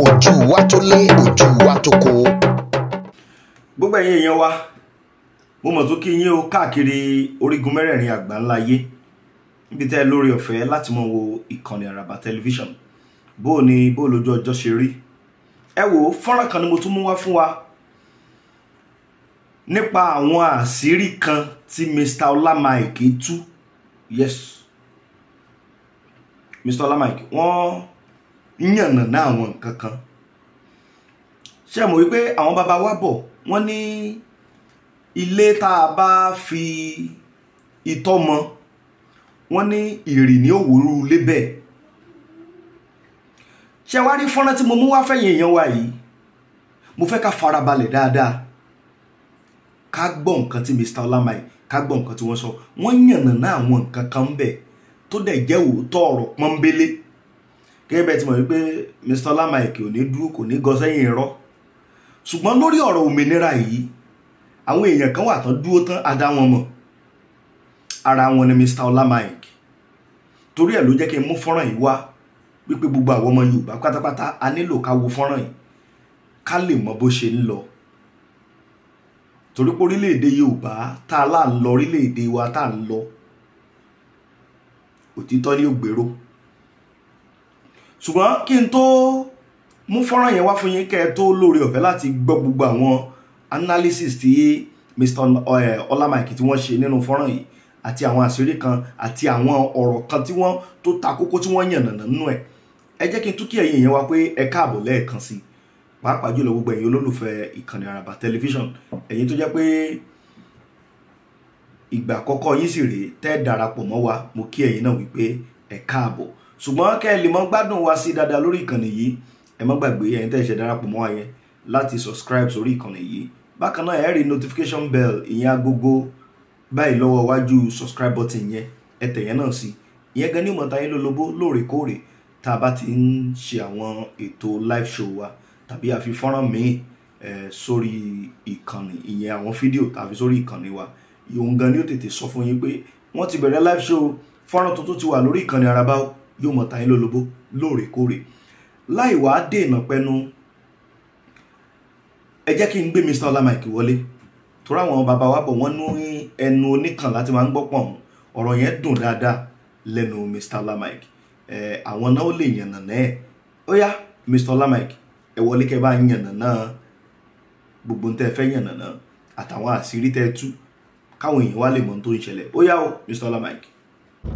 ojú wa tó lé ojú wa tó kó. gbogbo ẹ̀yin èèyàn wa mo mọ̀ tó kí yín o káàkiri orígun mẹ́rẹ̀ẹ̀rin àgbáńlá ayé níbi tẹ́ ẹ lórí ọ̀fẹ́ láti mọ̀ wo ìkànnì àràbà tẹlifíṣàn bó o ní bó o lójú ọjọ́ ṣe rí ẹ wò ó fọ́nrán kan ni mo tún mú wá fún wa nípa àwọn àṣírí kan tí Mr. Ọlámaìkì tú yes Mr. Ọlámaìkì wọ́n. Well, yànnàná àwọn nǹkan kan ṣe mọ̀ wípé àwọn bàbá wa bọ̀ wọ́n ní ilé tá a bá fi itọ́ mọ wọ́n ní ìrì ní òwúrú lébẹ̀ ṣe wá rí fọ́nrán tí mo mú wá fẹ̀yìn èèyàn wa yìí mo fẹ́ ká farabalẹ̀ dáadáa ká gbọ́ nǹkan tí Mr Olamide ká gbọ́ nǹkan tí wọ́n sọ wọ́n yànnàná àwọn nǹkan kan bẹ̀ tó dẹ̀ jẹ́ òótọ́ ọ̀rọ̀ pọ́nbélé gẹ́gẹ́ bẹ́ẹ̀ ti mọ̀ wípé Mr Ọlá Mike ò ní dúró kò ní gọ sẹ́yìn irọ́ ṣùgbọ́n lórí ọ̀rọ̀ òmìnira yìí àwọn èèyàn kan wà tán dúró tán adá wọn mọ̀ ara wọn ni Mr Ọlá Mike torí ẹ̀ ló jẹ́ kí n mú fọ́nrán yìí wá wípé gbogbo àwọn ọmọ Yorùbá pátápátá a nílò ká wo fọ́nrán yìí ká lè mọ bó ṣe ń lọ torí pé orílẹ̀-èdè Yorùbá tá a lá ń lọ orílẹ̀-èdè wa tá a ń lọ òtítọ́ ni ó gbèrò ṣùgbọ́n kí n tó mú fọ́nrán yẹn wá fún yín kẹ́ ẹ tó lóore ọ̀fẹ́ láti gbọ́ gbogbo àwọn analysis tí Mr Ọlámàkì eh, tí wọ́n ṣe nínú fọ́nrán yìí àti àwọn àṣírí kan àti àwọn ọ̀rọ̀ kan tí wọ́n tó ta kókó tí wọ́n yàn nànà nínú ẹ̀ ẹ jẹ́ kí n túkì ẹ̀yìn yẹn wá pé ẹ káàbọ̀ lẹ́ẹ̀kan sí i pàápàá jùlọ gbogbo ẹ̀yin olólùfẹ́ ìkànnì àràbà tẹlifíṣàn ẹ̀yin tó jẹ́ pé ìgbà àkọ́kọ́ yín sì rèé tẹ́ darapọ̀ mọ́ wa mo kí ẹ̀yin náà wípé ẹ káàbọ̀ ṣùgbọ́n kẹ́ ẹ lè mọ gbádùn wa sí dáadáa lórí ìkànnì yìí ẹ má gbàgbé ẹ̀yin tẹ́ ẹ ṣe darapọ̀ mọ́ ayẹ láti subscribe sórí ìkànnì yìí bákan náà ẹ rí notification bell ìyẹn agogo báyìí lọ́wọ́ iwájú subscribe button yẹn ẹ tẹ̀ yẹn náà sí ìyẹn gan ní ìmọ̀ta yín lólobó lóòrèkóòrè tá a bá ti ń ṣe àwọn ètò live show wa tàbí a fi fọ́nrán míì sórí ìkànnì ìyẹn àwọn fídíò tàbí sórí ìkànnì wa ìhun gan ni ó tètè sọ fún yín pé wọ́n ti bẹ̀rẹ̀ live show fọ́nrán tuntun ti wà lórí ìkànnì Araba yóò mọ̀ ta yín lólobó lóòrèkóòrè láì wá dènà pẹnu ẹ jẹ́ kí n gbé Mr olamike wọlé torí àwọn bàbá wa bọ̀ wọ́n ní ẹnu oníkan láti máa ń gbọ́ pọ̀n ọ̀rọ̀ yẹn dùn dáadáa lẹ́nu Mr olamike ẹ àwọn náà ó lè yànnàná ẹ̀ ó yá Mr olamike ẹ wọlé kẹ́ bá yànnàná gbogbo ń tẹ́ fẹ́ yànnàná àtàwọn àṣírí tẹ́ tú káwọn èèyàn wá lè mọ̀ tó ń ṣẹlẹ̀ ó yá o Mr Olamide.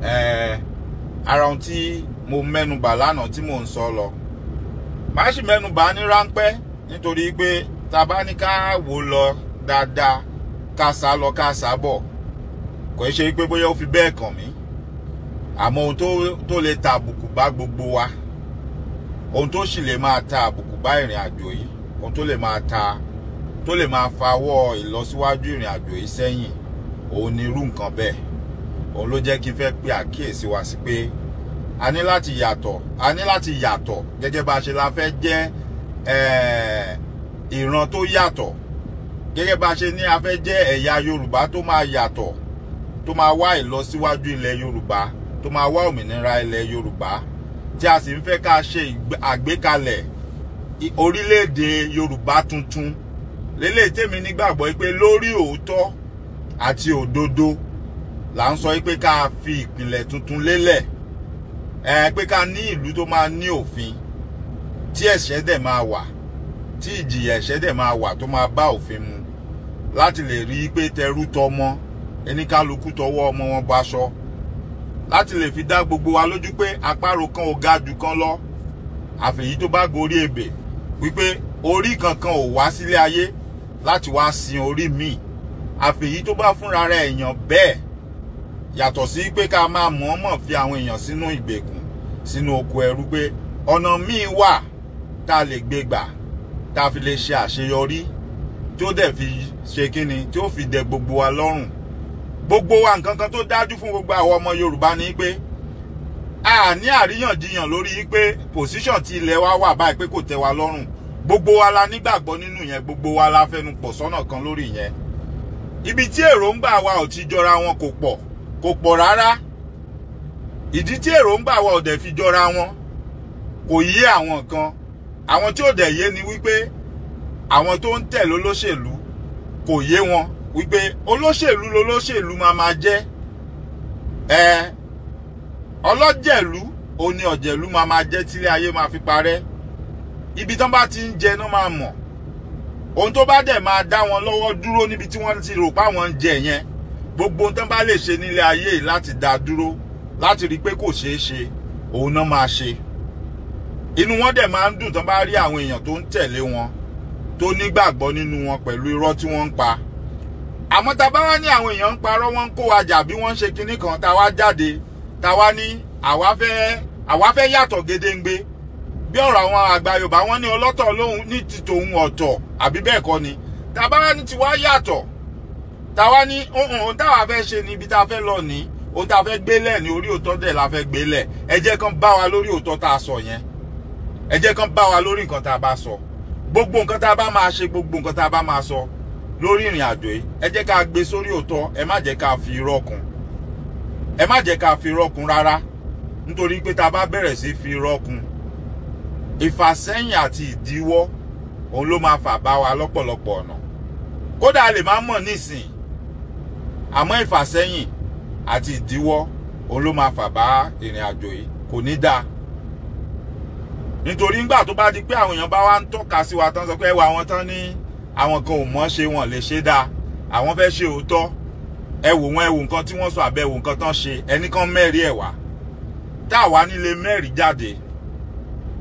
ẹ ara ohun tí mo mẹ́nubà lánàá tí mò ń sọ lọ màá sì mẹ́nubà ní ráńpẹ́ nítorí pé tá a bá ní ká wò lọ dáadáa ká sá lọ ká sá bọ̀ kò í ṣe pé bóyá ó fi bẹ́ẹ̀ kàn mí àmọ́ ohun tó lè ta àbùkù bá gbogbo wa ohun tó sì lè máa ta àbùkù bá ìrìn àjò yìí ohun tó lè máa ta tó lè máa fawọ́ ìlọsíwájú ìrìn àjò yìí sẹ́yìn òun ni irú nǹkan bẹ́ẹ̀ òun ló jẹ́ kí n fẹ́ pe àkíyèsí wa sí pé a ní láti yàtọ̀ a ní láti yàtọ̀ gẹ́gẹ́ bá a ṣe la fẹ́ jẹ́ eh, ìran tó yàtọ̀ gẹ́gẹ́ bá a ṣe ní a fẹ́ jẹ́ ẹ̀yà Yorùbá tó máa yàtọ̀ tó máa wá ìlọsíwájú ilẹ̀ Yorùbá tó máa wá òmìnira ilẹ̀ Yorùbá tí a sì ń fẹ́ ká ṣe àgbékalẹ̀ orílẹ̀-èdè Yorùbá tuntun lélẹ́yìí tèmi nígbàgbọ́ pé lórí òótọ́ àti òdodo là ń sọ pé ká fi ìpìlẹ̀ tuntun lélẹ̀ ẹ pé ká ní ìlú tó máa ní òfin tí ẹ̀ṣẹ̀ dẹ̀ máa wà tí ìjìyà ẹ̀ṣẹ̀ dẹ̀ máa wà tó máa bá òfin mu láti lè rí i pé tẹrú tọmọ ẹníkálukú tọwọ́ ọmọ wọn baṣọ láti lè fi dá gbogbo wa lójú pé àparò kan ò ga jù kan lọ àfẹ̀yí tó bá gorí ebè wípé orí kankan ò wá sílé ayé láti wá sin orí míì àfẹ̀yí tó bá fúnra rẹ̀ èèyàn bẹ́ẹ̀ yàtọ̀ sí pé ká máa mọ̀ọ́mọ̀ fi àwọn èèyàn sínú ìgbèkùn sínú oko ẹrú pé ọ̀nà míì wà tá a lè gbé gbà tá a fi lè ṣe àṣeyọrí tí ó dẹ̀ fi ṣe kíni tí ó fi dẹ gbogbo wa lọ́rùn gbogbo wa nǹkan kan tó dájú fún gbogbo àwọn ọmọ Yorùbá ni pé a ní àríyànjiyàn lórí pé pòsíṣàn tí ilẹ̀ wa wà báyìí pé kò tẹ́ wa lọ́rùn gbogbo wa la nígbàgbọ́ nínú yẹn gbogbo wa la fẹnu pọ̀ sọ́nà kan lórí yẹn ibi tí èròǹgbà wa ò ti jọra wọn kò pọ̀ kò pọ̀ rárá ìdí tí èròǹgbà wa ò dẹ̀ fi jọra wọn kò yé àwọn kan àwọn tí ò dẹ̀ yé ni wípé àwọn tó ń tẹ̀lé olóṣèlú kò yé wọn wípé olóṣèlú lolóṣèlú máa máa jẹ́ ẹ ọlọ́jẹ̀lú òní ọ̀jẹ̀lú máa máa jẹ́ tílé ayé máa fi parẹ́ ibi tán bá ti ń jẹ náà máa mọ̀ ohun tó bá dẹ̀ máa dá wọn lọ́wọ́ dúró níbi tí wọ́n ti rò páwọn ń jẹ yẹn gbogbo tán bá lè ṣe nílé ayé láti dá dúró láti rí i pé kò ṣeé ṣe òun náà máa ṣe inú wọn dẹ̀ máa ń dùn tán bá rí àwọn èèyàn tó ń tẹ̀lé wọn tó nígbàgbọ́ nínú wọn pẹ̀lú irọ́ tí wọ́n ń pa àmọ́ tá bá wá ní àwọn èèyàn ń parọ́ wọ́n ń kó wa bí wọ́n ń ṣe kinní kan tá wá jáde tá wá ní àwa fẹ́ àwa fẹ́ yàtọ̀ gédéǹgbé bí ọ̀rọ̀ àwọn àgbà Yorùbá wọ́n ní ọlọ́tọ̀ lóhun ní ti tòun ọ̀tọ̀ àbí bẹ́ẹ̀ kọ́ ni tá bá wá ní tiwa yàtọ̀ táwa ní ohun táwa fẹ́ ṣe ni ibi tá a fẹ́ lọ ní ohun tá a fẹ́ gbélẹ̀ ní orí òótọ́ dẹ̀ la fẹ́ gbélẹ̀ ẹ jẹ́ kán bá wa lórí òótọ́ tá a sọ yẹn ẹ jẹ́ kán bá wa lórí nǹkan tá a bá sọ gbogbo nǹkan tá a bá máa ṣe gbogbo nǹkan tá a bá máa sọ lórí ìrìn àjò yìí ẹ ká gbé sórí òótọ́ ẹ má jẹ́ ká fi irọ́ kún má jẹ́ ká fi irọ́ rárá nítorí pé tá a bá bẹ̀rẹ̀ sí fi irọ́ ìfàsẹ́yìn àti ìdíwọ́ òun ló máa fà bá wa lọ́pọ̀lọpọ̀ ọ̀nà kódà a lè má mọ̀ nísìnyí àmọ́ ìfàsẹ́yìn àti ìdíwọ́ òun ló máa fà bá ìrìn àjò yìí kò ní dáa nítorí ńgbà tó bá di pé àwọn èèyàn bá wá ń tọ́ka sí wa tán sọ pé ẹwà wọn tán ní àwọn kan ò mọ̀ ṣe wọn lè ṣe dáa àwọn fẹ́ ṣe òótọ́ ẹ wò wọn ẹ wò nǹkan tí wọ́n sọ àbẹ̀ wò nǹkan tán ṣe ẹnì kan mẹ́rin ẹ̀wà tá a wá nílé mẹ́rin jáde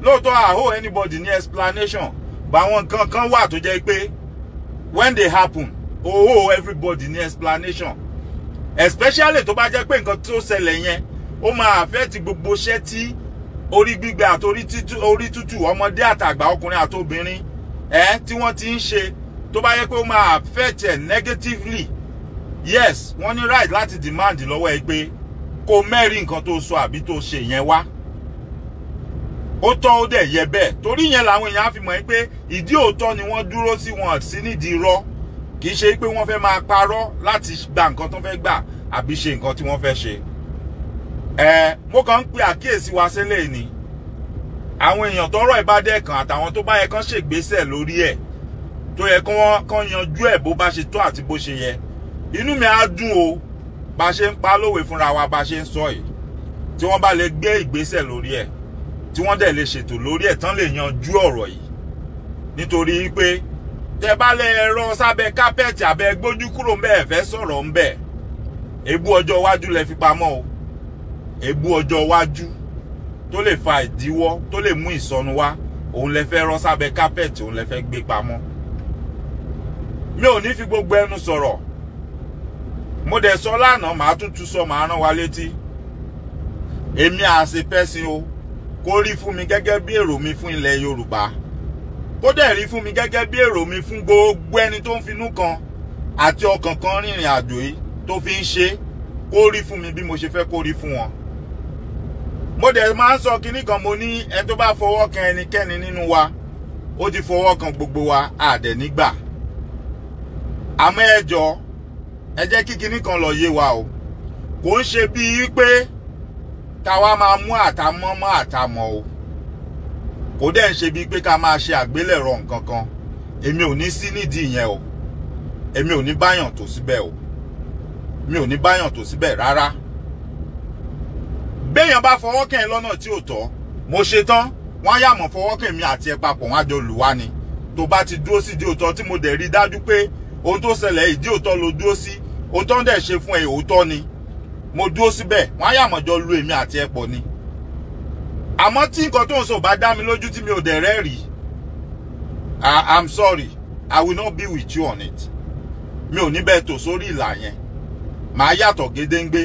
lóòótọ́ àhó anybody ní explanation báwọn nǹkan kan wà tó jẹ́ pé when they happen owó oh, everybody ní explanation especially tó bá jẹ́ pé nǹkan tó ṣẹlẹ̀ yẹn ó máa affect gbogbo iṣẹ́ tí orí gbígbẹ àti orí tútù ọmọdé àtàgbà ọkùnrin àti obìnrin ẹ tí wọ́n ti ń ṣe tó bá yẹ pé ó máa affect ẹ negatively yes wọ́n ní right láti demand lọ́wọ́ ẹ pé kó mẹ́rin nǹkan tó sọ àbí tó ṣe yẹn wá ó tọ́ ó dẹ̀ yẹ bẹ́ẹ̀ torí yẹn làwọn èèyàn á fi mọ̀ pé ìdí òótọ́ ni wọ́n dúró sí wọn sí nídìí irọ́ kì í ṣe pé wọ́n fẹ́ máa parọ́ láti gba nǹkan tó fẹ́ gbà àbí ṣe nǹkan tí wọ́n fẹ́ ṣe ẹ mo kàn ń pe àkíyèsí wa sílẹ̀ ni àwọn èèyàn tọ́rọ̀ ìbádẹ́ kan àtàwọn tó bá yẹ kán ṣègbésẹ̀ lórí ẹ̀ tó yẹ kán kán yanjú ẹ̀ bó bá ṣe tó àti bó ṣe yẹ inú mi á dùn o bá ṣe ń pa lówe fúnra wa bá ṣe ń sọ yìí tí wọ́n bá lè gbé ìgbésẹ̀ lórí ẹ̀ tí wọ́n dẹ̀ lè ṣètò lórí ẹ̀ tán lè yanjú ọ̀rọ̀ yìí nítorí pé tẹ bá lẹ ẹran sábẹ́ kápẹ́ẹ̀tì abẹ́ gbójú kúrò ńbẹ̀ ẹ fẹ́ sọ̀rọ̀ ńbẹ̀ èébú ọjọ́ iwájú lẹ fi pamọ́ o èébú ọjọ́ iwájú tó lè fa ìdíwọ́ tó lè mú ìsọnù wá òun lẹ fẹ́ rán sábẹ́ kápẹ́ẹ̀tì òun lẹ fẹ́ gbé pamọ́ mi ò ní fi gbogbo ẹnu sọ̀rọ̀ mo dẹ̀ sọ lánàá màá tún tún sọ màá rán wa létí èmi àṣepẹ́sìn o kó fún mi gẹ́gẹ́ bí èrò mi fún ilẹ̀ Yorùbá ó dẹ̀ rí fún mi gẹ́gẹ́ bí èrò mi fún gbogbo ẹni tó ń finú kan àti ọkàn kan rìnrìn àjò yìí tó fi ń ṣe kó rí fún mi bí mo ṣe fẹ́ kó rí fún wọn. mo dẹ̀ máa ń sọ kinní kan mo ní ẹni tó bá fọwọ́ kan ẹnikẹ́ni nínú wa ó ti fọwọ́ kan gbogbo wa àdẹ̀ nígbà. àmọ́ ẹ jọ̀ọ́ ẹ jẹ́ kí kinní kan lọ yé wa o kò ń ṣe bíi pé táwa máa mú àtàmọ́ àtàmọ́ o kò dẹ̀ ń ṣe bíi pé ká máa ṣe àgbélẹ̀rọ nǹkan kan èmi ò ní sí nídìí yẹn o èmi ò ní báyàn tó síbẹ̀ o mi ò ní báyàn tó síbẹ̀ rárá béèyàn bá fọwọ́ kàn ẹ́ lọ́nà tí ò tọ́ mo ṣe tán wọ́n á yàmọ̀ fọwọ́ kàn mi àti ẹ papọ̀ wọ́n á jọ lù wá ni tó bá ti dúró sí ìdí òótọ́ tí mo dẹ̀ rí dájú pé ohun tó ṣẹlẹ̀ ìdí òótọ́ ló dúró sí ohun dẹ̀ ṣe fún ẹ òótọ́ ni mo dúró síbẹ̀ wọ́n á yàmọ̀ jọ lu èmi àti ẹ pọ̀ ni àmọ́ tí nǹkan tó ń sọ bá dá mi lójú tí mi ò dẹ̀ rẹ́rìí I am sorry I will not be with you on it mi ò ní bẹ́ẹ̀ tò sórí ìlà yẹn màá yàtọ̀ gédéńgbé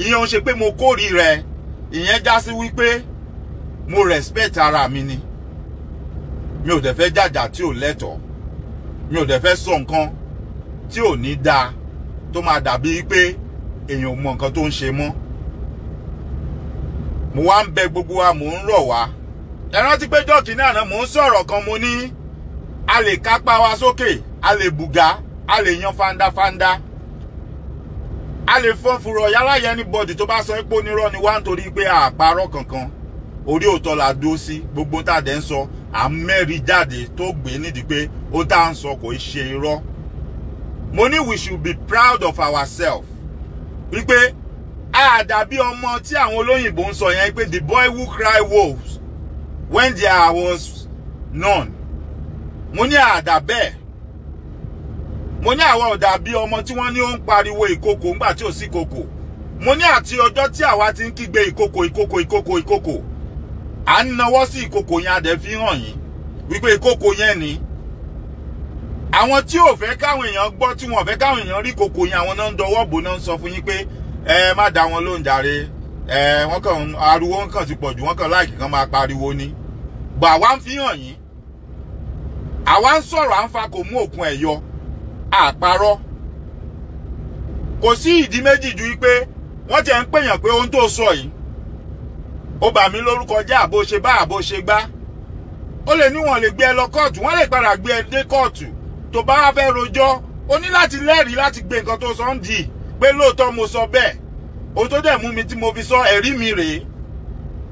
ìyẹn ò ṣe pé mo kórìíra ẹ ìyẹn já sí wípé mo respect ara mi ni mi ò dẹ̀ fẹ́ jàjà tí ò lẹ́tọ̀ọ́ mi ò dẹ̀ fẹ́ sọ nǹkan tí ò ní dáa tó máa dàbí pé èèyàn ò mọ nǹkan tó ń ṣe mọ́ mo wá ń bẹ gbogbo wa mò ń rọ̀ wá ẹ rántí pé jọ́ọ̀kì náà náà mò ń sọ̀rọ̀ kan mo ní a lè kápá wa sókè a lè bùgá a lè yan fandafanda a lè fọ́n furọ̀ yálà yẹn ní bọ́ọ̀dì tó bá sọ pé onírọ́ ni wá nítorí pé àparọ́ kankan orí òótọ́ la dúró sí gbogbo tá a dẹ̀ ń sọ à ń mẹ́rí jáde tó gbé nídìí pé ó tá à ń sọ kò í ṣe irọ́ mo ní we should be proud of ourselves wípé a dàbí ọmọ tí àwọn olóyìnbó ń sọ yẹn pé the boy who cry wolves when there was none mo ní àdà bẹ́ẹ̀ mo ní àwa ò dàbí ọmọ tí wọ́n ní ó ń pariwo ìkokò ńgbà tí ò sí ìkokò mo ní àti ọjọ́ tí àwa ti ń kígbe ìkokò ìkokò ìkokò ìkokò à ń nawọ́ sí ìkokò yẹn adẹ̀ fi hàn yín wípé ìkokò yẹn ni àwọn tí ò fẹ́ káwọn èèyàn gbọ́ tí wọn ò fẹ́ káwọn èèyàn rí ìkokò yẹn àwọn náà ń dọwọ́ bò náà ń sọ fún yín pé ẹ má dá wọn lóhùn jàre ẹ wọn kàn ariwo wọn kàn ti pọ̀ jù wọn kàn láìkì kan máa pariwo ni gbà wá ń fi hàn yín àwa ń sọ̀rọ̀ à ń fa kò mú òkun ẹ̀ yọ àparọ́ kò sí ìdí méjì ju wípé wọ́n ti ń pèyàn pé ohun tó sọ yìí ó bà mí lórúkọ jẹ́ àbó ṣe bá àbó ṣe gbá ó lè ní lè gbé ẹ lọ kóòtù wọ́n lè padà gbé ẹ dé kóòtù tó bá wá fẹ́ rojọ́ o ní láti lẹ́rìí láti gbé nǹkan tó sọ ń dì í pé lóòótọ́ mo sọ bẹ́ẹ̀ ohun tó dẹ̀ mú mi tí mo fi sọ ẹ̀rí mi rèé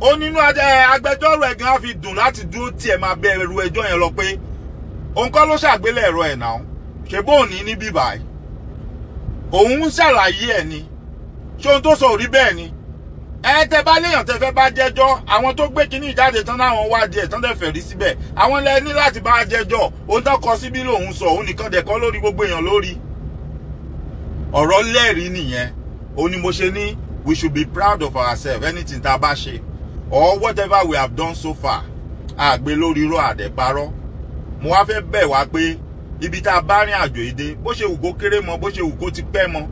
ó nínú agbẹjọ́rò ẹ̀ gan-an fi dùn láti dúró tiẹ̀ máa bẹ ẹrù ẹjọ́ yẹn lọ pé òun kọ́ ló ṣàgbélẹ̀ ẹ̀rọ ẹ̀ náà ṣe bóun ní ní bíbá òun ń ṣàlàyé ẹ̀ ni ṣé ohun tó sọ ò rí bẹ́ẹ̀ ni ẹ tẹ bá léèyàn tẹ fẹ́ bá jẹ́jọ́ àwọn tó gbé kinní ìjáde tán láwọn wádìí ẹ̀ tán dẹ̀ fẹ̀rí síbẹ̀ àwọn lẹ ní láti bá jẹ́jọ́ òun tán kọ síbí lòun sọ òun nìkan dẹ̀ kọ́ lórí gbogbo èèyàn lórí ọ̀rọ̀ lẹ́rìí nìyẹn ó ní mo ṣe ní we should be proud of ourselves anything tá bá ṣe or whatever we have done so far àgbẹ̀ lórí irọ́ àdẹ̀parọ́ mo wá fẹ́ bẹ̀ wá pé ibi tá a bá rìn àjò yìí dé bó ṣe wù kó kéré mọ́ bó ṣe wù kó ti pẹ́ mọ́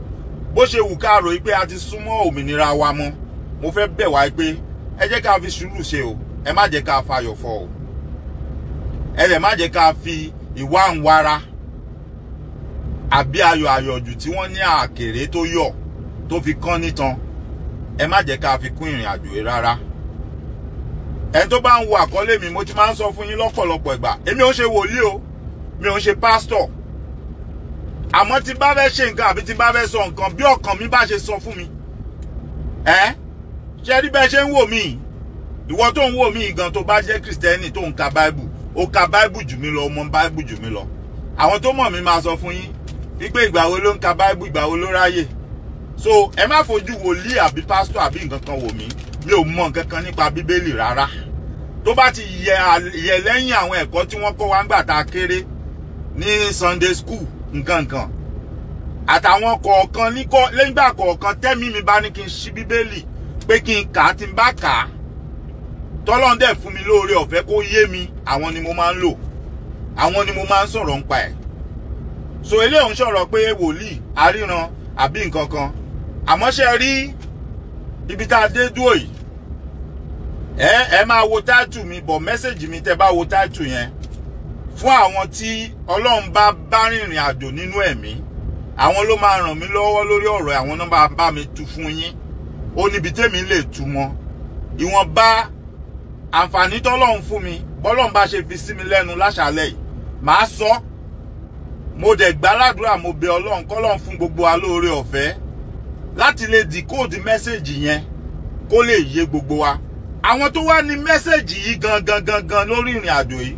bó ṣe wù ká rò pé a ti súnmọ́ òmìnira wa mọ́ mo fẹ́ bẹ̀ wá pé ẹ jẹ́ ká fi sùúrù ṣe o ẹ má jẹ́ ká fayọ̀ fọ̀ o ẹ dẹ̀ má jẹ́ ká fi ìwà ń wara àbí ayọ̀ àyọ̀jù tí wọ́n ní àkèré tó yọ̀ tó fi kán nítan ẹ má jẹ́ ká fi kún ìrìn àjò yìí rárá ẹ tó bá ń wo àkọlé mi mo ti máa ń sọ fún yín lọ́pọ̀lọpọ̀ ìgbà èmi ò ṣe wòlíì o mi ò ń ṣe pásítọ̀ àmọ́ tí bá fẹ́ ṣe nǹkan àbí tí bá fẹ́ sọ nǹkan bí ọkàn mi bá ṣe sọ fún mi ẹ ṣe rí bẹ́ẹ̀ ṣe ń wò mí ìwọ tó ń wò mí gan tó bá jẹ́ kìrìsìtẹ́nì tó ń ka báìbù ó ka báìbù jù mí lọ ó mọ jù mí lọ àwọn tó mọ̀ mí máa sọ fún yín wípé ìgbà wo ló ń ka báíbù ìgbà ló ráyè so ẹ má fojú wòlíì àbí pásítọ̀ àbí nǹkan kan wò mí mi ò mọ nǹkan kan nípa bíbélì rárá tó bá ti yẹ lẹ́yìn àwọn ẹ̀kọ́ tí wọ́n kọ́ wa ńgbà tá a kéré ní Sunday school nǹkan nǹkan àtàwọn kọ̀ọ̀kan níkọ́ lẹ́gbà kọ̀ọ̀kan tẹ́mí mi bá ní kí n ṣí bíbélì pé kí n kà á tí bá kà á tọ́lọ́ndẹ̀ fún mi lóore ọ̀fẹ́ kó yé mi àwọn ni mo máa ń lò àwọn ni mo máa ń sọ̀rọ̀ nípa ẹ̀ so eléyìí ń sọ̀rọ̀ pé wòlíì àríran àbí nǹkan kan àmọ́ ṣe rí ibi tá a dé dúró yìí ẹ ẹ máa wo táàtù mi bọ̀ mẹ́sẹ̀gì mi tẹ́ bá wo táàtù yẹn fún àwọn tí ọlọ́run bá bá rìnrìn àjò nínú ẹ̀mí àwọn ló máa ràn mí lọ́wọ́ lórí ọ̀rọ̀ àwọn náà bá bá mi tu fún yín ó níbi tèmi lè tu wọn ìwọ̀nba àǹfààní tọ́lọ́run fún mi bọ́lọ́run bá ṣe fi sí mi lẹ́nu láṣálẹ̀ yìí màá sọ ọ́ mo dẹ̀ gbàládùra mo bẹ ọlọ́run kọ́lọ́run fún gbogbo wa lóore ọ̀fẹ́ láti lè decode mẹ́sẹ̀gì yẹn kó lè yé gbogbo wa àwọn tó wá ní mẹ́sẹ̀gì yìí gangan gangan lórí ìrìn àjò yìí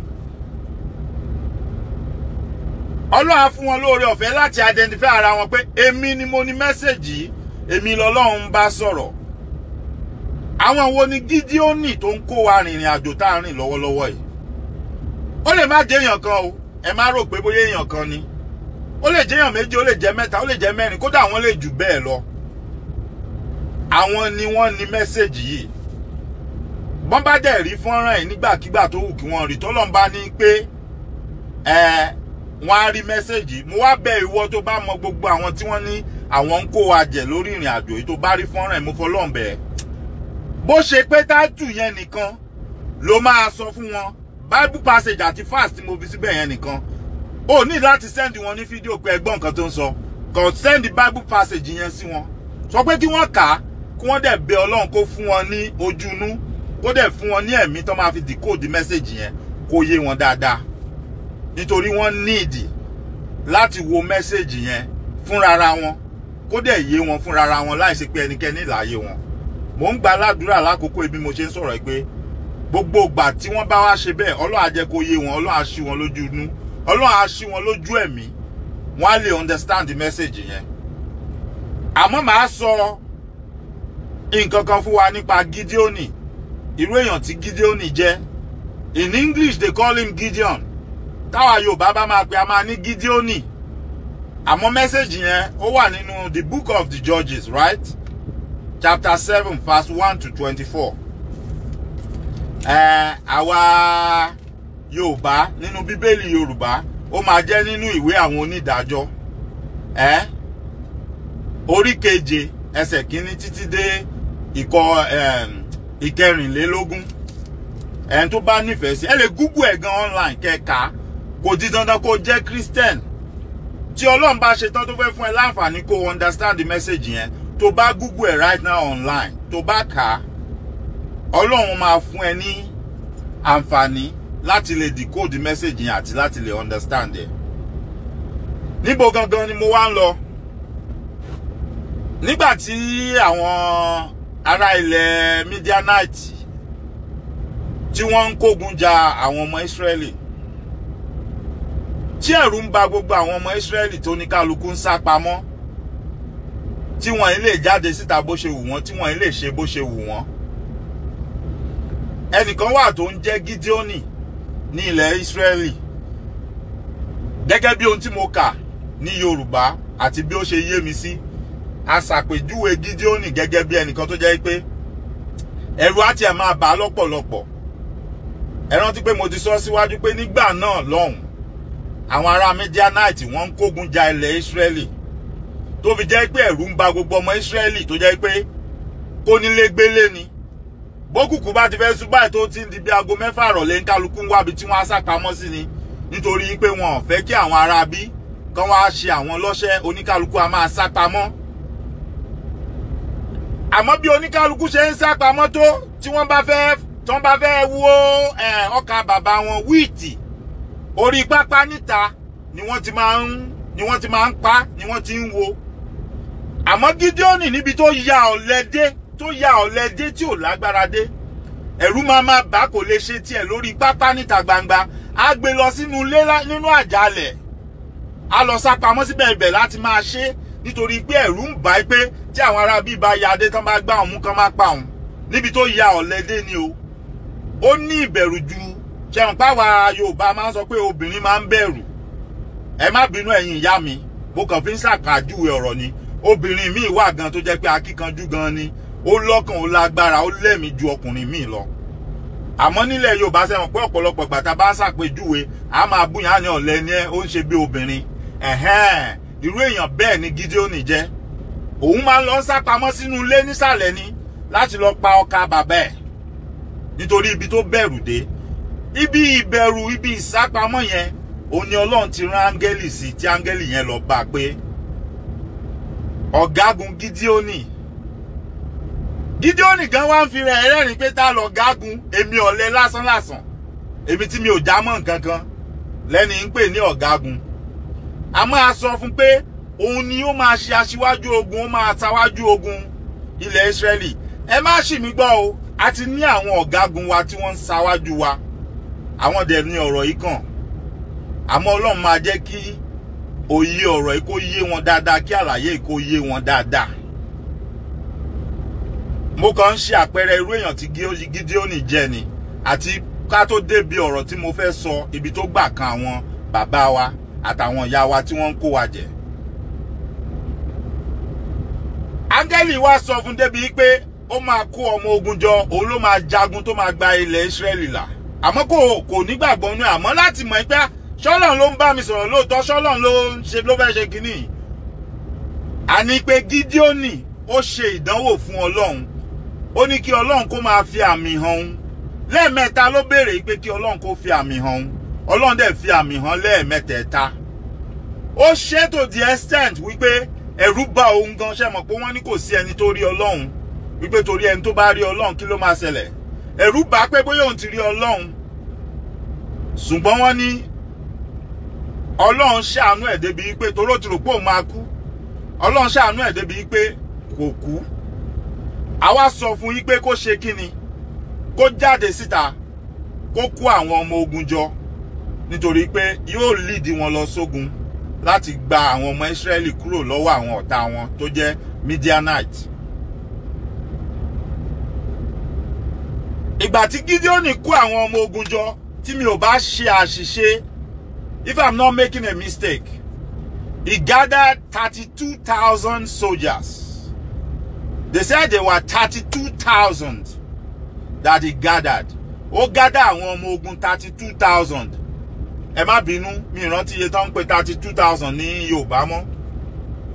ọlọ́run á fún wọn lóore ọ̀fẹ́ láti identify ara wọn pé èmi ni mo ní mẹ́sẹ̀gì yìí èmi lọ́lọ́run ń bá sọ̀rọ̀ àwọn wo ni gídíónì tó ń kó wa rìnrìn àjò tá a rìn lọ́wọ́lọ́wọ́ yìí ó lè má jẹ́ èèyàn kan o ẹ má rò pé bóyá èèyàn kan ni ó lè jẹ́ èèyàn méjì ó lè jẹ́ mẹ́ta ó lè jẹ́ mẹ́rin kódà àwọn lè jù bẹ́ẹ̀ lọ àwọn ni wọ́n ní mẹ́sẹ̀gì yìí bọ́n bá dẹ̀ rí fọ́nrán ẹ̀ nígbàkigbà tó wù kí wọ́n rí tọ́lọ́n bá ní pé wọ́n á rí mẹ́sẹ̀gì mo wá bẹ̀ ìwọ tó bá mọ gbogbo àwọn tí wọ́n ní àwọn ń kó wa jẹ lórí ìrìn àjò yìí tó bá rí fọ́nrán ẹ̀ mo fọlọ́n bẹ̀ ẹ́ bó ṣe pé táìtù yẹn nìkan ló máa sọ fún wọn bible passage àti fast tí mo fi síbẹ̀ yẹn nìkan o ní láti send wọn ní fídíò pé ẹgbọ́n nǹkan tó ń sọ kò send bible passage yẹn sí wọn sọ pé kí wọ́n kà á kí wọ́n dẹ̀ bẹ ọlọ́run kó fún wọn ní ojúnú kó dẹ̀ fún wọn ní ẹ̀mí tó máa fi decode message yẹn kó yé wọn dáadáa nítorí wọ́n need láti wo message yẹn fúnrara wọn kó dẹ̀ yé wọn fúnrara wọn láìsí pé ẹnikẹ́ni láàyè wọn mò ń gba ládùúrà lákòókò ibi mo ṣe ń sọ̀rọ̀ pé gbogbo ìgbà tí wọ́n bá wá ṣe bẹ́ẹ̀ ọlọ́run á jẹ́ kó yé wọn ọlọ́run á ṣí wọn lójú inú ọlọ́run á ṣí wọn lójú ẹ̀mí wọn á lè understand the message yẹn àmọ́ màá sọ nǹkan kan fún wa nípa Gideoni irú èèyàn tí Gideoni jẹ́ in English they call him Gideon táwa Yorùbá bá máa pe a máa ní Gideoni àmọ́ message yẹn ó wà nínú the book of the Judges right chapter seven verse one to twenty-four. Uh, our yorùbá nínú bíbélì yorùbá ó máa jẹ́ nínú ìwé àwọn onídàájọ́ ẹ́ orí keje ẹsẹ̀ kínní títí dé ìkọ ìkẹrìnlélógún ẹni tó bá nífẹ̀ẹ́ sí ẹ lè google ẹ̀ gan online kẹ́ka kò di dandan kó jẹ́ christian tí ọlọ́run bá ṣe tán tó fẹ́ fún ẹ láǹfààní kó understand the message yẹn tó bá google ẹ̀ right now online tó bá kà á ọlọ́run máa fún ẹ ní àǹfààní láti lè decode message yẹn àti láti lè understand ẹ̀ níbo gangan ni mo wá ń lọ nígbà tí àwọn ará ilẹ̀ Midianite tí wọ́n ń kógun ja àwọn ọmọ Israeli. tí ẹ̀rù ń ba gbogbo àwọn ọmọ Ísírẹ́lì tó ní kálukú ń sá pamọ́ tí wọ́n ń lè jáde síta bó ṣe wù wọ́n tí wọ́n ń lè ṣe bó ṣe wù wọ́n ẹnìkan wà tó ń jẹ́ Gídíọ́nì ní ilẹ̀ Israeli gẹ́gẹ́ bí ohun tí mo kà ní Yorùbá àti bí ó ṣe yé mi sí a ṣàpèjúwe Gídíónì gẹ́gẹ́ bí ẹnìkan tó jẹ́ pé ẹ̀rù á tiẹ̀ máa bà á lọ́pọ̀lọpọ̀ ẹ rántí pé mo ti sọ síwájú pé nígbà náà lọ́hùn àwọn ará Mídíánáìtì wọ́n ń kógun ja ilẹ̀ Israeli tó fi jẹ́ pé ẹ̀rù ń ba gbogbo ọmọ Israeli tó jẹ́ pé kónílégbélé ni bókùkù bá ti fẹ́ ṣú báyìí tó ti ń di bí aago mẹ́fà ìrọ̀lẹ́ ń kálukú ń wábi tí wọ́n á sàpamọ́ sí ni nítorí pé wọn ò fẹ́ kí àwọn ará bí kán wá ṣe àwọn lọ́ṣẹ́ oníkálukú a máa sápamọ́ àmọ́ bí oníkálukú ṣe ń sápamọ́ tó tí wọ́n bá fẹ́ tán bá fẹ́ wo ọkà bàbá wọn wíìtì orí pápá níta ni wọ́n ti máa ń ni wọ́n ti máa ń pa ni wọ́n ti ń wo àmọ́ Gídíọ́nì níbi tó ya ọ̀lẹ́dẹ́ tó ya ọ̀lẹ dé tí ò lágbára dé ẹ̀rú máa máa bá kò lè ṣe tiẹ̀ lórí pápá níta gbangba á gbé lọ sínú ilé nínú àjálẹ̀ á lọ sá pamọ́ síbẹ̀ ibẹ̀ láti máa ṣe nítorí pé ẹ̀rú ń bá pé tí àwọn ará bíi bá ya adé tán bá gbá òun kan máa pa òun níbi tó ya ọ̀lẹ dé ni o ó ní ìbẹ̀rù ju ṣẹ̀rùn páwa Yorùbá máa ń sọ pé obìnrin máa ń bẹ̀rù ẹ má bínú ẹ̀yin ìyá mi mo kàn fi ń ṣàkàjúwe ọ̀rọ̀ ni obìnrin míì wà gan tó jẹ́ pé akíkanjú gan ni ó lọ́kàn ó lágbára ó lẹ́mìí ju ọkùnrin míì lọ àmọ́ nílẹ̀ yorùbá sẹ́wọ̀n pé ọ̀pọ̀lọpọ̀ ìgbà tá a bá ń ṣàpèjúwe a máa búyàn àyàn ọ̀lẹ́ ni ẹ ó ń ṣe bí obìnrin ẹ̀hẹ́n irú èèyàn bẹ́ẹ̀ ni Gideoni jẹ́ òun máa ń lọ ń sápamọ́ sínú ilé nísàlẹ̀ ni láti lọ pa ọkà bàbá ẹ̀ nítorí ibi tó bẹ̀rù dé ibi ìbẹ̀rù ibi ìsápamọ́ yẹn òun ni ọlọ́run ti rán áńgẹ́lì sí tí áńgẹ́lì yẹn lọ bá a pé ọ̀gágun Gideoni Gideon gan wá ń fi rẹ̀ ẹlẹ́rìn pé tá lọ gágun èmi ọ̀lẹ lásán lásán èmi mi ò já mọ́ nǹkan kan lẹ́ni ń pè ní a máa sọ fún pé òun ni ó máa ṣe aṣíwájú ogun ó máa tawájú ogun ilẹ̀ Ísírẹ́lì ẹ má ṣì mí gbọ́ o a ti ní àwọn ọ̀gágun wa tí wọ́n ń ṣáwájú wa àwọn dẹ̀ ní ọ̀rọ̀ yìí kàn àmọ́ Ọlọ́run máa jẹ́ kí òye ọ̀rọ̀ yìí kó yé wọn dáadáa kí àlàyé yìí kó yé wọn dáadáa mo kàn ń ṣe àpẹẹrẹ irú èèyàn tí Gídéónì jẹ́ ni àti ká tó débi ọ̀rọ̀ tí mo fẹ́ sọ ibi tó gbà kan àwọn bàbá wa àtàwọn ìyá wa tí wọ́n ń kó wa jẹ. áńgẹ́lì wa sọ fún débi pé ó máa kó ọmọ ogun jọ òun ló máa jagun tó máa gba ilẹ̀ Ísírẹ́lì là àmọ́ kò kò nígbàgbọ́ nínú àmọ́ láti mọ̀ pé ah, ṣọ́lọ́n ló ń bá mi sọ̀rọ̀ lóòótọ́ ṣọ́lọ́n ló ń ṣe ló fẹ́ ṣe kínní àní pé Gídéónì ó ṣe ìdánwò fún Ọlọ́run ó ní kí ọlọ́run kó máa fi àmì hàn òun lẹ́ẹ̀mẹ́ta ló béèrè pé kí ọlọ́run kó fi àmì hàn òun ọlọ́run dẹ̀ fi àmì hàn lẹ́ẹ̀mẹ́tẹ̀ẹ̀ta ó ṣe to the extent wípé ẹ̀rù bà òun gan ṣe mọ̀ pé wọ́n ní kò sí ẹni tó rí ọlọ́run wípé torí ẹni tó bá rí ọlọ́run kí ló máa ṣẹlẹ̀ ẹ̀rù bà pé bóyá òun ti rí ọlọ́run ṣùgbọ́n wọ́n ní ọlọ́run ṣàánú ẹ̀ débi pé toró pé òun máa kú ọlọ́run ṣàánú ẹ̀ débi pé kò kú àwa sọ fún yín pé kó ṣe kíni kó jáde síta kó kó àwọn ọmọ ogun jọ nítorí pé yóò lídìí wọn lọ sógun láti gba àwọn ọmọ Ísírẹ́lì kúrò lọ́wọ́ àwọn ọ̀tá wọn tó jẹ́ Midianite. ìgbà tí Gideoni kó àwọn ọmọ ogun jọ tí mi ò bá ṣe àṣìṣe if I'm not making a mistake he gathered thirty-two thousand soldiers They said there were thirty-two thousand that he gathered. Ó gádà àwọn ọmọ ogun 32,000. Ẹ má bínú, mi ìrántí iye tó ń two thousand ní Yorùbá mọ́.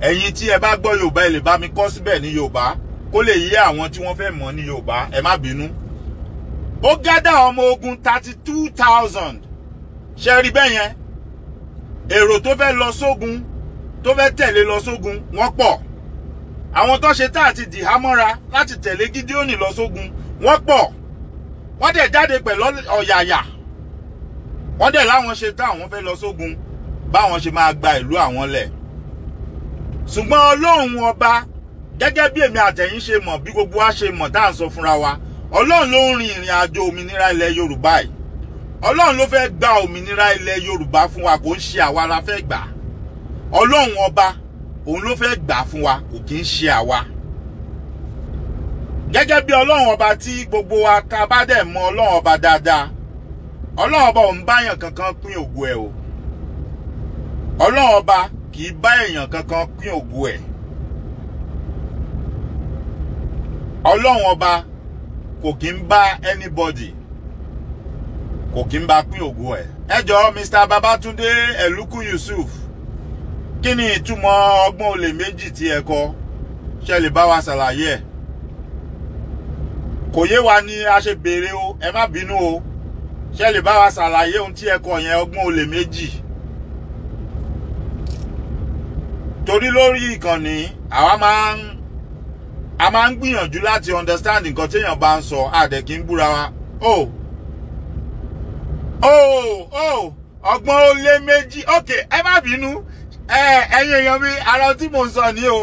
Ẹ̀yin tí ẹ bá gbọ́ Yorùbá ẹ lè bá mi kọ síbẹ̀ ní Yorùbá kó lè yé àwọn tí wọ́n fẹ́ mọ̀ ní Yorùbá ẹ má bínú. Ó gádà ọmọ ogun 32,000. Ṣé rí bẹ́ẹ̀ yẹn? Èrò tó fẹ́ lọ sógun tó fẹ́ tẹ̀lé lọ sógun wọ́n pọ̀ àwọn tó ṣe tá àti dìhá mọ́ra láti tẹ̀lé gídíọ́nì lọ sógun wọ́n pọ̀ wọ́n dẹ̀ jáde pẹ̀lú ọ̀yàyà wọ́n dẹ̀ láwọn ṣe tá àwọn fẹ́ lọ sógun báwọn ṣe máa gba ìlú àwọn lẹ̀ ṣùgbọ́n ọlọ́run ọba gẹ́gẹ́ bí èmi àtẹ̀yìn ṣe mọ̀ bí gbogbo wa ṣe mọ̀ tá à ń sọ fúnra wa ọlọ́run ló ń rin ìrìn àjò òmìnira ilẹ̀ yorùbá yìí ọlọ́run ló fẹ́ gba òmìnira ilẹ̀ yorùbá fún wa kò ń ṣe àwa la fẹ́ gbà ọlọ́run ọba òun ló fẹ́ gbà fún wa kò kí ń ṣe àwa gẹ́gẹ́ bí ọlọ́run ọba tí gbogbo wa ta bá dẹ̀ mọ ọlọ́run ọba dáadáa ọlọ́run ọba ò ń báyàn kankan pín ògo ẹ̀ o ọlọ́run ọba kì í bá èèyàn kankan pín ògo ẹ̀ ọlọ́run ọba kò kí ń bá anybody kò kí ń bá pín ògo ẹ̀ ẹ jọ Mr Babatunde Eluku Yusuf kí ni ìtumọ̀ ọgbọ́n olè méjì tí ẹ kọ ṣe lè bá wa ṣàlàyé ẹ̀ kò yé wa ni a ṣe béèrè o ẹ má bínú o ṣe lè bá wa ṣàlàyé ohun tí ẹ kọ yẹn ọgbọ́n olè méjì torí lórí ìkànnì àwa máa ń a máa ń gbìyànjú láti understand nǹkan téèyàn bá ń sọ àdẹ̀ kí ń búra wa o o o ọgbọ́n olè méjì ok ẹ má bínú ẹ̀yin èèyàn mi ara tí mò ń sọ ni o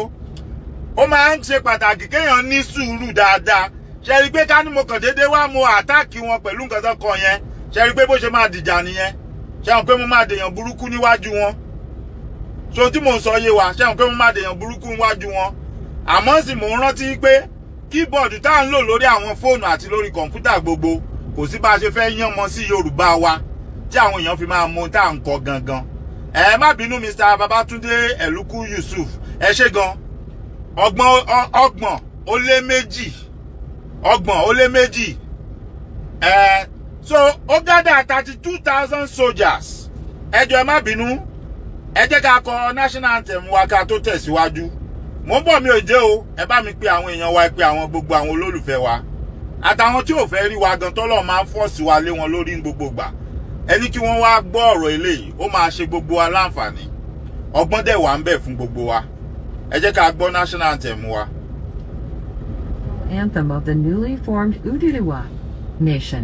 ó máa ń ṣe pàtàkì kéèyàn ní sùúrù dáadáa ṣe rí i pé ká ní mo kàn déédéé wá mo àtáàkì wọn pẹ̀lú nǹkan tó kọ yẹn ṣe rí i pé bó ṣe máa dìjà nìyẹn ṣe hàn pé mo máa dèèyàn burúkú níwájú wọn so tí mò ń sọ yé wa ṣe hàn pé mo máa dèèyàn burúkú níwájú wọn àmọ́ sì mò ń rántí pé kíbọ̀dù tá à ń lò lórí àwọn fóònù àti lórí kọ̀ǹpútà gbogbo kò sí bá a ṣe fẹ́ yánmọ sí Yorùbá wa tí àwọn èèyàn fi máa mọ ohun tá à ń kọ gangan ẹ má bínú mr babatunde eluku yusuf ẹ ṣe gan ọgbọ̀n ọgbọ̀n ó lé méjì ọgbọ̀n ó lé méjì ẹ so ó gádà thirty two thousand soldiers ẹ jọ̀ọ́ ẹ má bínú ẹ jẹ́ ká kọ national anthem wa ká tó tẹ̀síwájú mo ń bọ̀ mi ò jẹ́ o ẹ bá mi pe àwọn èèyàn wa ẹ pe àwọn gbogbo àwọn olólùfẹ́ wa àtàwọn tí ò fẹ́ rí wa gan tọ́lọ̀ máa ń fọ́ọ̀sì wa lé wọn lórí ní gbogbo gbà ẹni kí wọ́n wá gbọ́ ọ̀rọ̀ eléyìí ó máa ṣe gbogbo wa láǹfààní ọgbọ́n dẹ̀ wà ń fún gbogbo wa ẹ jẹ́ ká gbọ́ national anthem wa. of the newly formed udiriwa Nation.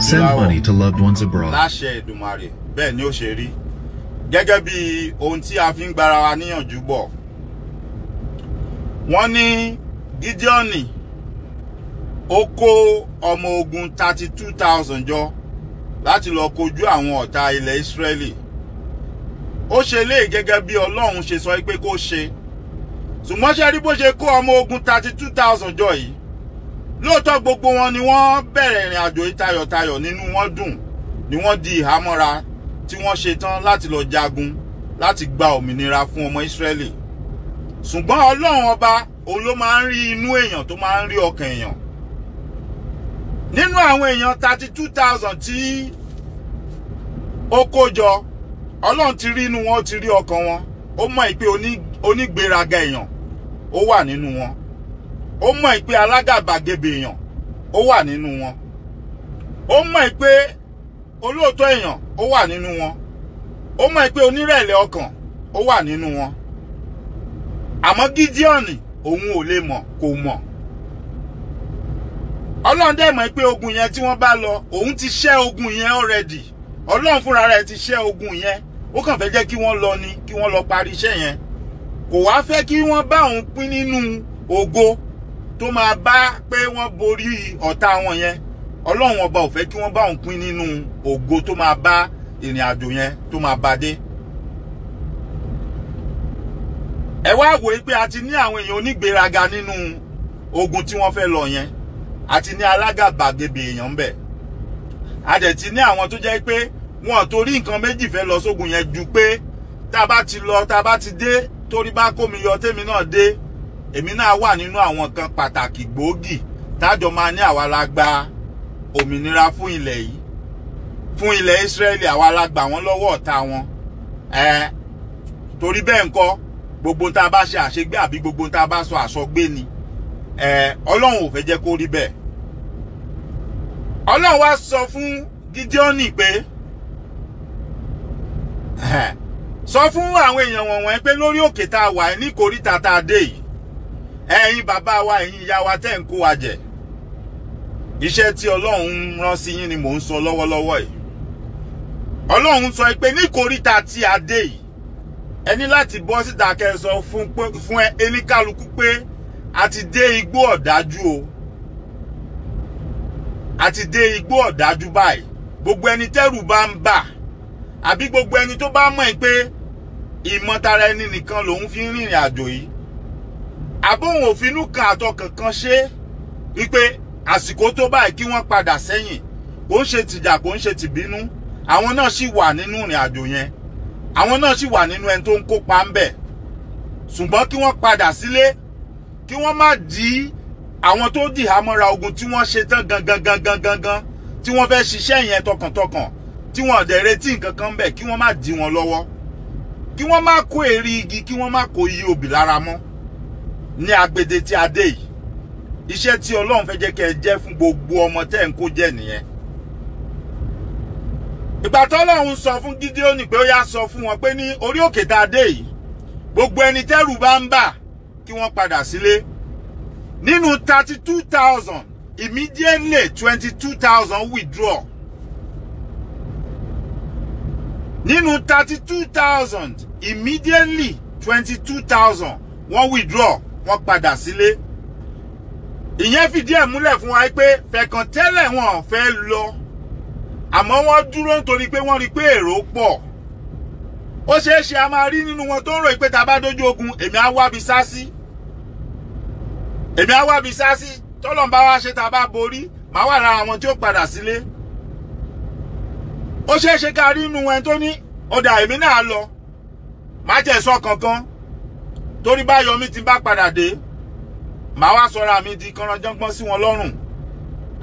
send money to loved ones abroad. láṣẹ Èdùmàrè bẹ́ẹ̀ ni ó ṣe rí gẹ́gẹ́ bí ohun tí a fi ń gbára wa níyànjú bọ̀ wọ́n ní Gídíọ́nì ó kó ọmọ ogun thirty two thousand jọ láti lọ kojú àwọn ọ̀tá ilẹ̀ Ísírẹ́lì ó ṣe léè gẹ́gẹ́ bí Ọlọ́run ṣe sọ pé kó ṣe ṣùgbọ́n ṣe rí bó ṣe kó ọmọ ogun thirty two thousand jọ yìí lóòótọ́ gbogbo wọn ni wọ́n bẹ̀rẹ̀ ìrìn àjò ìtayọ̀tayọ̀ nínú wọn dùn ni wọ́n di ìhámọ́ra tí wọ́n ṣe tán láti lọ jagun láti gba òmìnira fún ọmọ Ísírẹ́lì ṣùgbọ́n Ọlọ́run ọba òun ló máa ń rí inú èèyàn tó máa ń rí ọkàn èèyàn nínú àwọn èèyàn thirty two thousand tí ó kó jọ Ọlọ́run ti rí inú wọn ó ti rí ọkàn wọn ó mọ̀ pé onígbéraga èèyàn ó wà nínú wọn ó mọ̀ pé alágàbàgebè èèyàn ó wà nínú wọn ó mọ̀ pé olóòótọ́ èèyàn ó wà nínú wọn ó mọ̀ pé onírẹ̀lẹ̀ ọkàn ó wà nínú wọn àmọ́ gídíọ̀nì òun ò lè mọ̀ kò mọ̀ ọlọ́run dẹ̀ mọ̀ pé ogun yẹn tí wọ́n bá lọ òun ti ṣẹ́ ogun yẹn already ọlọ́run fúnra rẹ̀ ti ṣẹ́ ogun yẹn ó kàn fẹ́ jẹ́ kí wọ́n lọ ni kí wọ́n lọ parí iṣẹ́ yẹn kò wá fẹ́ kí wọ́n bá òun pín nínú ògo tó máa bá pé wọ́n borí ọ̀tá wọn yẹn ọlọ́run ọba ò fẹ́ kí wọ́n bá òun pín nínú ògo tó máa bá ìrìn àjò yẹn tó máa bá dé. ẹ wá wò pé a ti ní àwọn èèyàn onígbéraga nínú ogun tí wọ́n fẹ́ lọ yẹn a ti ní alágàbàgebè èèyàn ń bẹ a dẹ̀ ti ní àwọn tó jẹ́ pé wọn torí nǹkan méjì fẹ́ lọ sógun yẹn ju pé tá a bá ti lọ tá a bá ti dé torí bá kómi yọ tèmi náà dé èmi náà wà nínú àwọn kan pàtàkì gbòógì tájọ máa ní àwa la gba òmìnira fún ilẹ̀ yìí fún ilẹ̀ Ísírẹ́lì àwa la gbà wọ́n lọ́wọ́ ọ̀tá wọn ẹ torí bẹ́ẹ̀ ńkọ́ gbogbo tá a bá ṣe àṣegbé àbí gbogbo tá a bá sọ àsọgbé ni Ọlọ́run ò fẹ́ jẹ́ kó rí bẹ́ẹ̀ Ọlọ́run wá sọ fún Gídíọ́nì pé sọ fún àwọn èèyàn wọ̀nwọ̀n pé lórí òkè tá a wà ní kòríta tá a dé yìí ẹ̀yin bàbá wa ẹ̀yin ìyá wa tẹ́ ń kó wa jẹ iṣẹ́ tí ọlọ́run rán sí yín ni mò ń sọ lọ́wọ́lọ́wọ́ yìí ọlọ́run sọ pé ní ìkóríta tí a dé yìí ẹ ní láti bọ́ síta kẹsọ fún ẹnikálukú pé a ti dé igbó ọ̀dájú o a ti dé igbó ọ̀dájú báyìí gbogbo ẹni tẹ́rù bá ń bà àbí gbogbo ẹni tó bá mọ̀ pé ìmọ̀tara ẹni nìkan lòun fi ń rìnrìn àjò yìí àbóhùn òfinú kan àtọkàn kan ṣe wípé àsìkò tó báyìí kí wọ́n padà sẹ́yìn kò ń ṣe tìjà kò ń ṣe tìbínú àwọn náà sì wà nínú ìrìn àjò yẹn àwọn náà sì wà nínú ẹni tó ń kópa ń bẹ̀ ṣùgbọ́n kí wọ́n padà sílé kí wọ́n má di àwọn tó dì hámọ́ra ogun tí wọ́n ṣe tán gangan gangan gangan tí wọ́n fẹ́ ṣiṣẹ́ yẹn tọkàntọkàn tí wọ́n dẹ̀ retí nǹkan kan bẹ̀ kí wọ́n má dí wọn lọ́wọ́ kí wọ́n má kó èrè igi kí wọ́n má kó iye òbí lára mọ́ Ni agbede tí a dé yìí iṣẹ́ tí Ọlọ́run fẹ́ jẹ́ kẹ́ ẹ jẹ́ fún gbogbo ọmọ tẹ́ ń kó jẹ́ nìyẹn ìgbà tọ́lọ́run sọ fún Gídíónì pé ó yá sọ fún wọn pé ní orí òkè tá a dé yìí gbogbo ẹni tẹ́rù bá ń bà kí wọ́n padà sílé nínú thirty two thousand immediately twenty two thousand withdraw nínú thirty two thousand immediately twenty two thousand wọ́n withdraw wọ́n padà sílé ìyẹn fìdí ẹ̀ múlẹ̀ fún wa pé fẹ̀kàn tẹ́lẹ̀ wọn fẹ́ lọ àmọ́ wọ́n dúró nítorí pé wọ́n rí pé èrò pọ̀ ó ṣeé ṣe a máa rí nínú wọn tó ń ròyìn pé ta bá dójú ogun èmi á wábi sá sí èmi á wábi sá sí tọ́lọ́n bá wá ṣe ta bá borí màá wà lára àwọn tí ó padà sílé ó ṣeé ṣe ká rí nínú wọn tó ní ọ̀dà èmi náà lọ má jẹ̀ sọ kankan torí báyọ̀ mi ti bá padà dé màá wá sọra mi di kànránjọ́ngbọ́n sí wọn lọ́rùn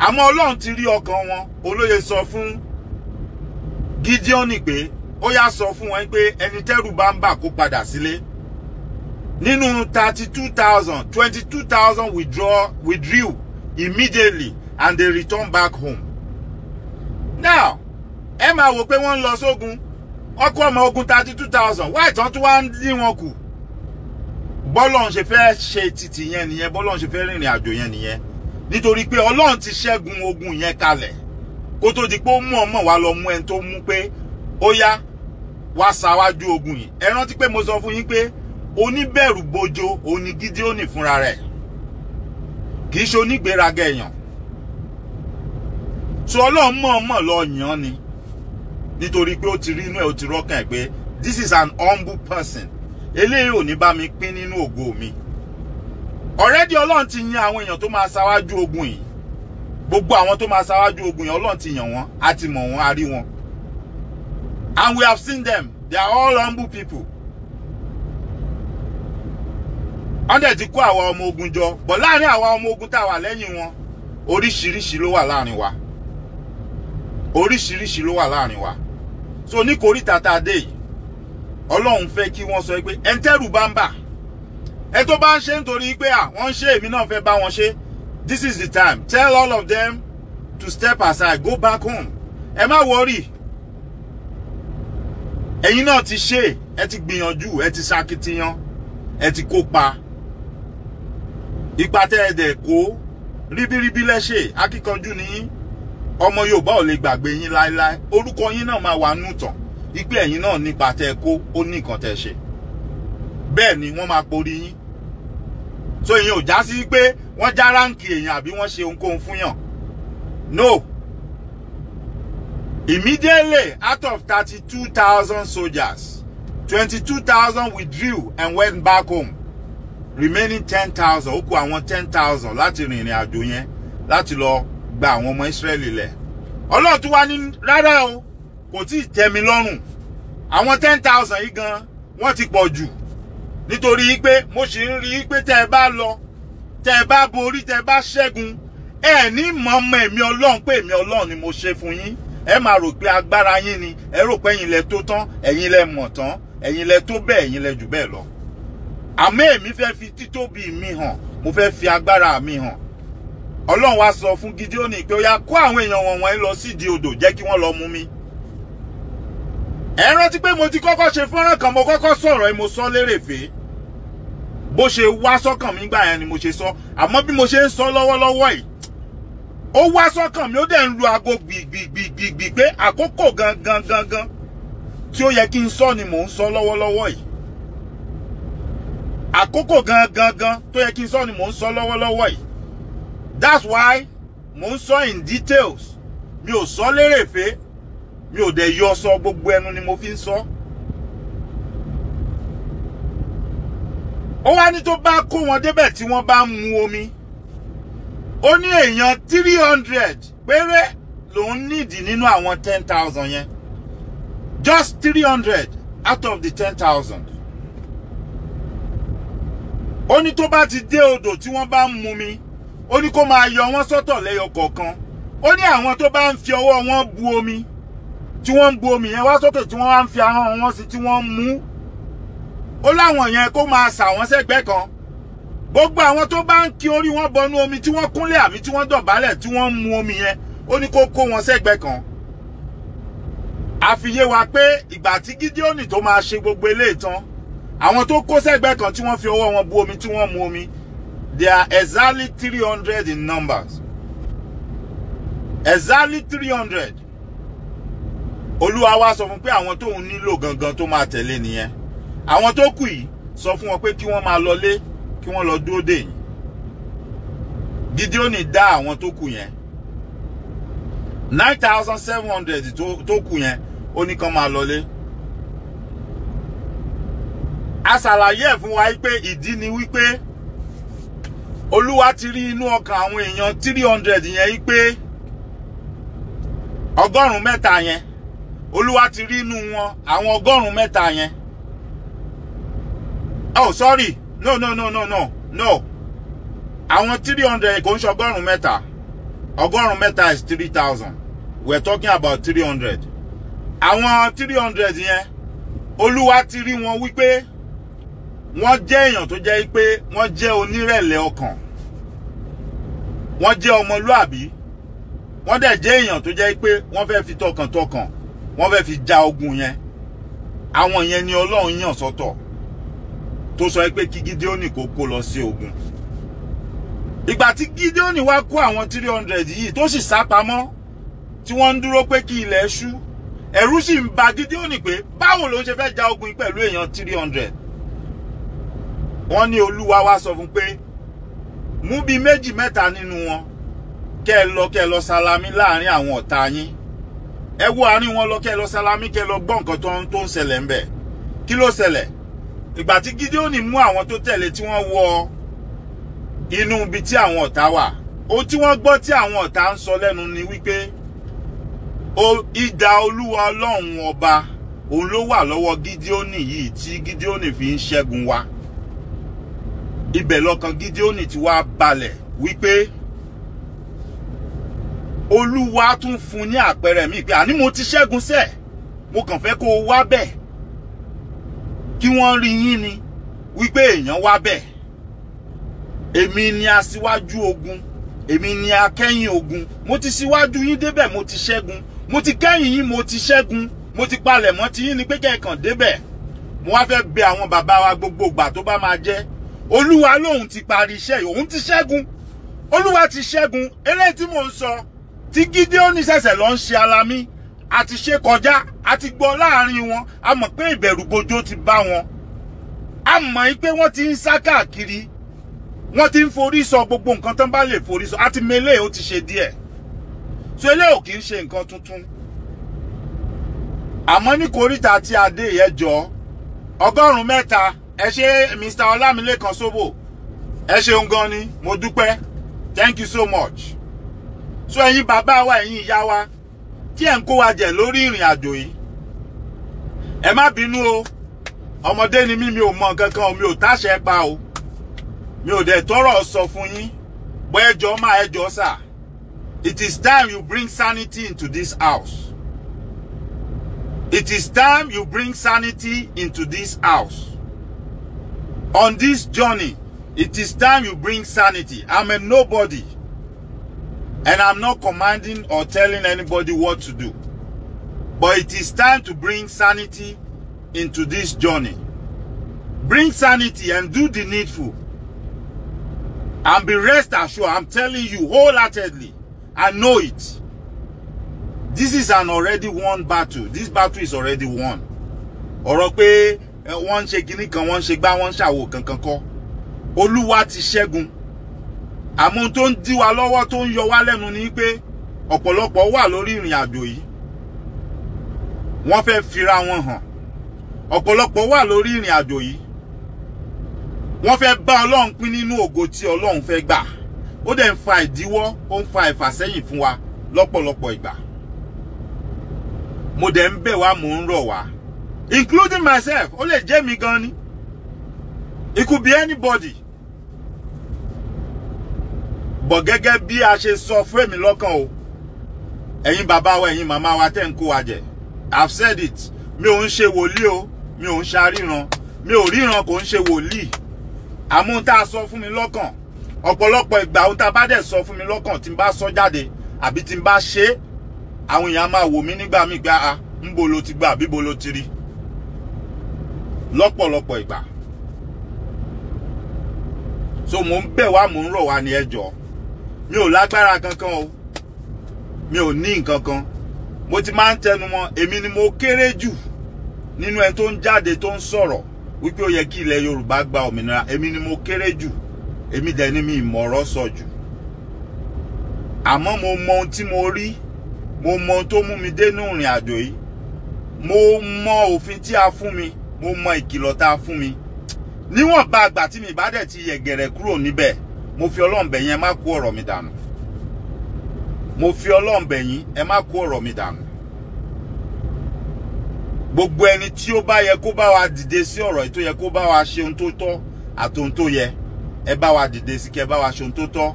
àmọ́ ọlọ́run ti rí ọkàn wọn olóye sọ fún Gídíọ́nì pé ó yá sọ fún wọn pé ẹni tẹ́rù bá ń bà kó padà sílé nínú thirty two thousand twenty two thousand withdraw, withdrew immediately and they return back home. now ẹ máa wò pé wọ́n ń lọ sógun ọkọ̀ ọmọ ogun thirty two thousand wáìtàn tí wọ́n á dín wọn kù bọ́lọ́n ṣe fẹ́ ṣe títì yẹn nìyẹn bọ́lọ́n ṣe fẹ́ rìnrìn àjò yẹn nìyẹn nítorí pé ọlọ́run ti ṣẹ́gun ogun yẹn kalẹ̀ kó tó di pé ó mú ọmọ wa lọ mú ẹni tó mú pé ó yá wá ṣáwájú ogun yìí ẹ rántí pé mo sọ fún yín pé oníbẹ̀rù bojo òní Gídíónì fúnra rẹ̀ kì í ṣe onígbéraga èèyàn tí ọlọ́run mọ̀ mọ̀ lọ yàn ni nítorí pé ó ti rí inú ẹ̀ ó ti rọ́kàn ẹ̀ pé this is an humble person eléyìí ò ní bá mi pín nínú ògo mi ọ̀rẹ́dì ọlọ́run ti yan àwọn èèyàn tó máa ṣáwájú ogun yìí gbogbo àwọn tó máa ṣáwájú ogun yìí ọlọ́run ti yàn wọ́n a ti mọ̀ wọ́n a rí wọn and we have seen them they are all humble people wọ́n dẹ̀ ti kó àwa ọmọ ogun jọ bọ̀ láàrin àwa ọmọ ogun tá a wà lẹ́yìn wọn oríṣiríṣi ló wà láàrin wa oríṣiríṣi ló wà láàrin wa so ní koríta tá a dé yìí ọlọ́run fẹ́ kí wọ́n sọ pé ẹ̀ńtẹ́rù bá ń bà ẹ tó bá ń ṣe nítorí pé wọ́n ń ṣe èmi náà fẹ́ bá wọn ṣe this is the time tell all of them to step aside go back home ẹ má wọrí ẹ̀yin náà ti ṣe ẹ ti gbìyànjú ẹ ti ṣakitiyan ẹ ti kópa ipa tẹ́ ẹ dẹ̀ kó ríbíríbí lẹ́ṣẹ̀ akíkanjú ni ọmọ Yorùbá ò lè gbàgbé yín láéláé orúkọ yín náà máa wà nù tán ipe ẹ̀yin náà nípa tẹ́ ẹ kó ó ní nǹkan tẹ́ ẹ ṣe bẹ́ẹ̀ ni wọ́n máa porí yín so ìyẹn ò já sí pé wọ́n já ráǹkì èèyàn àbí wọ́n ṣe ohunkóhun fún yàn no immediately out of thirty-two thousand soldiers twenty-two thousand withdrew and went back home remaining ten thousand ó kù àwọn ten thousand láti rìnrìn àjò yẹn láti lọ gba àwọn ọmọ Ísírẹ́lì lẹ̀ ọlọ́run tún wá ní rárá o kò tí ì tẹ́ mi lọ́rùn àwọn ten thousand yìí gan wọ́n ti pọ̀ jù nítorí pé mo sì ń rí i pé tẹ́ ẹ bá lọ tẹ́ ẹ bá borí tẹ́ ẹ bá ṣẹ́gun ẹ ní mọ ọmọ ọlọ́run pé èmi ọlọ́run ni mo ṣe fún yín ẹ máa rò pé agbára yín ni ẹ rò pé ẹ̀yin lẹ tó tán ẹ̀yin lẹ mọ̀ tán ẹ̀yin lẹ tó bẹ́ẹ̀ ẹ̀yin lẹ jù bẹ́ẹ̀ lọ àmọ́ èmi fẹ́ fi títóbi mi hàn mo fẹ́ fi agbára mi hàn ọlọ́run wá sọ fún Gídíónì pé ó yá kó àwọn èèyàn wọ̀nyí lọ sídìí odò jẹ́ kí wọ́n lọ mú mi ẹ rántí pé mo ti kọ́kọ́ ṣe fọ́nrán kan mo kọ́kọ́ sọ̀rọ̀ mo sọ lérèfé bó ṣe wá sọ́kàn mi gbà yẹn ni mo ṣe sọ àmọ́ bí mo ṣe ń sọ lọ́wọ́lọ́wọ́ yìí ó wá sọ́kàn mi ó dẹ̀ ń lu aago gbìgbìgbìgbì pé àkókò gangan gangan tí ó yẹ kí n sọ ni mò ń sọ lọ́wọ́lọ́wọ́ yìí àkókò gangan gan tó yẹ kí n sọ ni mò ń sọ lọ́wọ́lọ́wọ́ yìí that's why mò ń sọ in details mi ò sọ lérèfé mi ò dẹ̀ yọ sọ gbogbo ẹnu ni mo fi ń sọ. ó wá ní tó bá kó wọn débẹ̀ tí wọ́n bá mu omi ó ní èèyàn three hundred péré lòún nídìí nínú àwọn ten thousand yẹn just three hundred out of the ten thousand. ó ní tó bá ti dé odò tí wọ́n bá ń mumi ó ní kó máa yọ wọ́n sọ́tọ̀ lẹ́yọ kọ̀ọ̀kan ó ní àwọn tó bá ń fi ọwọ́ wọn bu omi tí wọ́n ń bu omi yẹn wá sókè tí wọ́n wá ń fi ahọ́n wọn sí tí wọ́n ń mú ó láwọn yẹn kó máa sà wọ́n sẹ́gbẹ́ kan gbogbo àwọn tó bá ń kí orí wọn bọnú omi tí wọ́n kúnlẹ̀ àbí tí wọ́n dọ̀bálẹ̀ tí wọ́n ń mu omi yẹn ó ní kó kó wọn sẹ́gbẹ́ kan àfiyé wa pé ìgbà tí Gídíọ́nì tó máa ṣe gbogbo eléyìí tán àwọn tó kó sẹ́gbẹ́ kan tí wọ́n fi ọwọ́ wọn bu omi tí wọ́n mu omi they are exactly three hundred in numbers exactly three hundred olúwa wá sọ fún pé àwọn tóun nílò gangan tó máa tẹ̀lé nìyẹn àwọn tó kù yìí sọ fún wọn pé kí wọ́n máa lọlé kí wọ́n lọ dúró dè yín gideoni dá àwọn tó kù yẹn nine thousand seven hundred tó kù yẹn ó ní kán máa lọlé a ṣàlàyé ẹ̀ fún wa pé ìdí ni wípé olúwa ti rí inú ọkàn àwọn èèyàn three hundred yẹn wípé ọgọ́rùn-ún mẹ́ta yẹn olúwa ti rí inú wọn àwọn ọgọ́rùn mẹ́ta yẹn oh sorry no no no no no no àwọn three hundred kò ń ṣe ọgọ́rùn-ún mẹ́ta ọgọ́rùn mẹ́ta is three thousand we are talking about three hundred àwọn three hundred yẹn olúwa ti rí wọn wípé wọ́n jẹ́ èèyàn tó jẹ́ pé wọ́n jẹ́ onírẹ̀lẹ̀ ọkàn wọ́n jẹ́ ọmọlúàbí wọ́n dẹ̀ jẹ́ èèyàn tó jẹ́ pé wọ́n fẹ́ fi tọkàntọkàn wọ́n fẹ́ fi ja ogun yẹn àwọn yẹn ni Ọlọ́run yàn sọ́tọ̀ tó sọ pé kí Gídéónì kó kó lọ sí ogun ìgbà tí Gídéónì wá kó àwọn three hundred yìí tó sì sá pamọ́ tí wọ́n ń dúró pé kí ilẹ̀ ṣú ẹ̀rú sì ń ba Gídéónì pé báwo ló ń ṣe fẹ́ ja ogun yìí pẹ̀lú èèyàn three hundred wọ́n ní Olúwa wá sọ fún pé mú bíi méjì mẹ́ta nínú wọn kẹ́ ẹ lọ kẹ́ ẹ lọ salami láàrin àwọn ọ̀tá yín ẹ wo àárín wọn lọ kẹ lọ salami kẹ lọ gbọ́ nǹkan tó ń tó ń ṣẹlẹ̀ ńbẹ̀ kí ló ṣẹlẹ̀ ìgbà tí Gideoni mú àwọn tó tẹ̀lé tí wọ́n wọ inú ibi tí àwọn ọ̀tá wà ó tí wọ́n gbọ́ tí àwọn ọ̀tá ń sọ lẹ́nu ni wípé idà olúwa ọlọ́run ọba òun ló wà lọ́wọ́ Gideoni yìí tí Gideoni fi ń ṣẹ́gun wa ibẹ̀ lọ́kàn Gideoni ti wá balẹ̀ wípé olúwa tún fún ní àpẹẹrẹ mi pé àní mo ti ṣẹ́gun sẹ́ẹ̀ mo kàn fẹ́ kó o wá bẹ́ẹ̀ kí wọ́n rí yín ni wípé èèyàn wá bẹ́ẹ̀ èmi ni aṣíwájú ogun èmi ni akẹ́yìn ogun mo ti ṣíwájú yín débẹ̀ mo ti ṣẹ́gun mo ti kẹ́yìn yín mo ti ṣẹ́gun mo ti palẹ̀ mọ́ ti yín ni pé kẹ́ẹ̀kan débẹ̀ mo wá fẹ́ bẹ àwọn bàbá wa gbogbo ìgbà tó bá máa jẹ́ olúwa lòun ti parí iṣẹ́ yìí òun ti ṣẹ́gun olúwa ti ṣẹ́gun eléyìí tí mò ń sọ tí Gídéónì ṣẹ̀ṣẹ̀ lọ ń ṣe alamí a ṣe kọjá a ti gbọ́ láàrin wọn a mọ̀ pé ìbẹ̀rùbojo ti bá wọn a mọ̀ pé wọ́n ti ń sá káàkiri wọ́n ti ń forí sọ gbogbo nǹkan tán bá lè forí sọ àti mele ó ti ṣe díẹ̀ so eléyò kì í ṣe nǹkan tuntun àmọ́ ní koríta àti adé yẹn jọ ọgọ́rùn-ún mẹ́ta ẹ ṣe Mr Ọlámilékan Sóbò ẹ ṣeun gan ni mo dúpẹ́ thank you so much so ẹ̀yin bàbá wa ẹ̀yin ìyá wa tí ẹ̀ ń kó wa jẹ lórí ìrìn àjò yìí ẹ má bínú o ọmọdé ni mí mi ò mọ nǹkan mi ò táṣẹ pa o mi ò dẹ̀ tọrọ sọ fún yín bọ́ ẹjọ́ máa ẹjọ́ sà it is time you bring sanity into this house it is time you bring sanity into this house on this journey it is time you bring sanity i'm a nobody. And I'm not commanding or telling anybody what to do. But it is time to bring sanity into this journey. Bring sanity and do the needful. And be rest assured, I'm telling you wholeheartedly, I know it. This is an already won battle. This battle is already won. Ọ̀rọ̀ pé eh, wọ́n ń ṣe kinní kan, wọ́n ń ṣe gbá, wọ́n ń ṣàwò kankan kọ́. Olúwa ti ṣẹ́gun àmọ́ tó ń dí wa lọ́wọ́ tó ń yọ wá lẹ́nu ni pé ọ̀pọ̀lọpọ̀ wà lórí ìrìn àjò yìí wọ́n fẹ́ fira wọn hàn ọ̀pọ̀lọpọ̀ wà lórí ìrìn àjò yìí wọ́n fẹ́ bá ọlọ́run pín nínú ògo tí ọlọ́run fẹ́ gbà ó dẹ̀ ń fa ìdíwọ́ ó ń fa ìfàsẹ́yìn fún wa lọ́pọ̀lọpọ̀ ìgbà mo dẹ̀ ń bẹ̀ wá mò ń rọ̀ wá including myself ó lè jẹ́ mi gan ni it could be anybody bọ̀ gẹ́gẹ́ bí a ṣe sọ fún èmi lọ́kàn o ẹ̀yin bàbá wa ẹ̀yin màmá wa tẹ́ ń kó wa jẹ I've said it mi ò ń ṣe wòlíì o mi ò ń ṣaríran mi ò ríran kò ń ṣe wòlíì àmọ́ ohun tá a sọ fún mi lọ́kàn ọ̀pọ̀lọpọ̀ ìgbà ohun tá a bá dẹ̀ sọ fún mi lọ́kàn tí n bá sọ jáde àbí tí n bá ṣe é àwọn èèyàn máa wò mí nígbà míì pé a ah, ń bo lo ti gbà àbí bo lo ti rí lọ́pọ̀lọpọ̀ ìgbà so mò ń bẹ̀ wá mò ń rọ̀ wá ní ẹjọ́ mi ò lágbára kankan o mi ò ní nǹkan kan mo ti máa ń tẹnu mọ́ èmi ni mo kéré jù nínú ẹni tó ń jáde tó ń sọ̀rọ̀ wípé ó yẹ kí ilẹ̀ Yorùbá gba òmìnira èmi ni mo kéré jù èmi dẹ̀ ni mi ìmọ̀ọ́rọ́ sọ jù àmọ́ mo mọ ohun tí mo rí mo mọ ohun tó mú mi dénú ìrìn àjò yìí mo mọ òfin tí a fún mi mo mọ ìkìlọ̀ tá a fún mi níwọ̀n bá àgbà tí mi bá dẹ̀ ti yẹ̀gẹ̀rẹ̀ kúrò níbẹ̀ mo fi ọlọ́run bẹ̀ yín ẹ má kó ọ̀rọ̀ mi dànù mo fi ọlọ́run bẹ̀ ẹ má kó ọ̀rọ̀ mi dànù gbogbo ẹni tí ó bá yẹ kó bá wa dìde sí ọ̀rọ̀ yìí tó yẹ kó bá wa ṣe ohun tó tọ́ àti ohun tó yẹ ẹ bá wa dìde sí kí ẹ bá wa ṣe ohun tó tọ́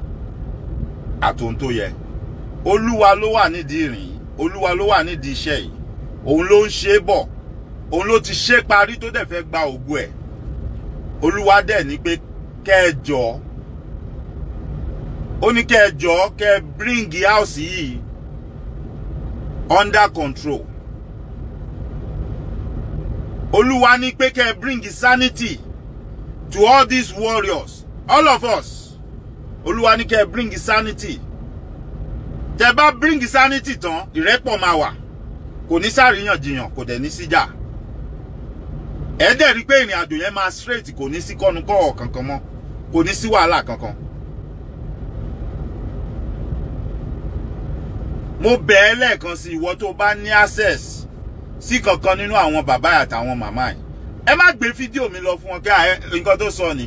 àti ohun tó yẹ olúwa ló wà nídìí ìrìn olúwa ló wà nídìí iṣẹ́ yìí òun ló ń ṣe é bọ̀ òun ló ti ṣe parí tó dẹ̀ fẹ́ gba ògo ẹ̀ olúwa dẹ̀ ní pé kẹ́ ó ní kẹ́ ẹ jọ kẹ́ ẹ bring house yìí under control olúwa ní pé kẹ́ ẹ bring sanity to all these warriors all of us olúwa ní kẹ́ ẹ bring sanity tẹ́ bá bring sanity tán ìrẹ́pọ̀ máa wà kò ní sàríyànjiyàn kò dẹ̀ ní síjà ẹ dẹ̀ rí pé ìrìn àjò yẹn máa straight kò ní sí kọ́nukọ́ kankan mọ́ kò ní sí wàhálà kankan. mo bẹ̀ ẹ́ lẹ́ẹ̀kan sí ìwọ tó bá ní access sí kankan nínú àwọn bàbá àtàwọn màmá yìí ẹ má gbé fídíò mi lọ fún wọn kí nǹkan tó sọ ni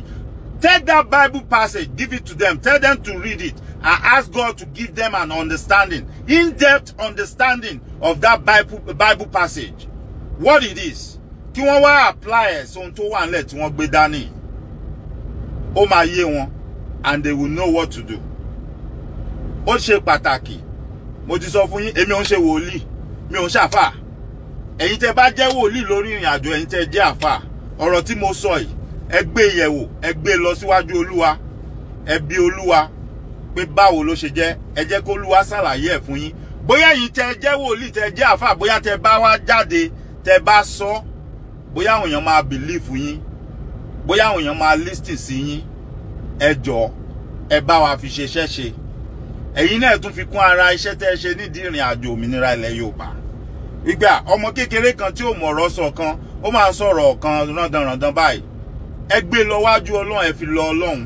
take that bible passage give it to them tell them to read it and ask God to give them an understanding in-depth understanding of that bible, bible passage what it is kí wọ́n wá apply ẹ̀ sóhun tó wà nílẹ̀ tí wọ́n gbé dání ó máa yé wọn and they will know what to do ó ṣe pàtàkì mo ti sọ fún yín èmi ò ń ṣe wòlíì mi ò ń ṣàfà ẹ̀yin tẹ́ bá jẹ́ wòlíì lórí ìrìn àjò ẹ̀yin tẹ́ jẹ́ àfà ọ̀rọ̀ tí mo sọ yìí ẹ gbé yẹ̀wò ẹ gbé lọ síwájú olúwa ẹ bi olúwa pé báwo ló ṣe jẹ́ ẹ jẹ́ kó olúwa ṣàlàyé ẹ̀ fún yín bóyá ẹ̀yin tẹ́ jẹ́ wòlíì tẹ́ jẹ́ àfà bóyá tẹ́ bá wá jáde tẹ́ bá sọ bóyá àwọn èèyàn máa bìlífù yín bóyá àwọn èèyàn máa lísìtì sí yín ẹ jọ̀ọ́ ẹ bá wa fi ṣe ṣẹ́ṣe ẹ̀yin náà tún fi kún ara iṣẹ́ tẹ́ ẹ ṣe nídìí ìrìn àjò òmìnira ilẹ̀ Yorùbá ìgbà ọmọ kékeré kan tí ò mọ̀ ọ̀rọ̀ sọ kan ó máa sọ̀rọ̀ kan randanrandan báyìí ẹ gbé lọ wájú Ọlọ́run ẹ fi lọ Ọlọ́run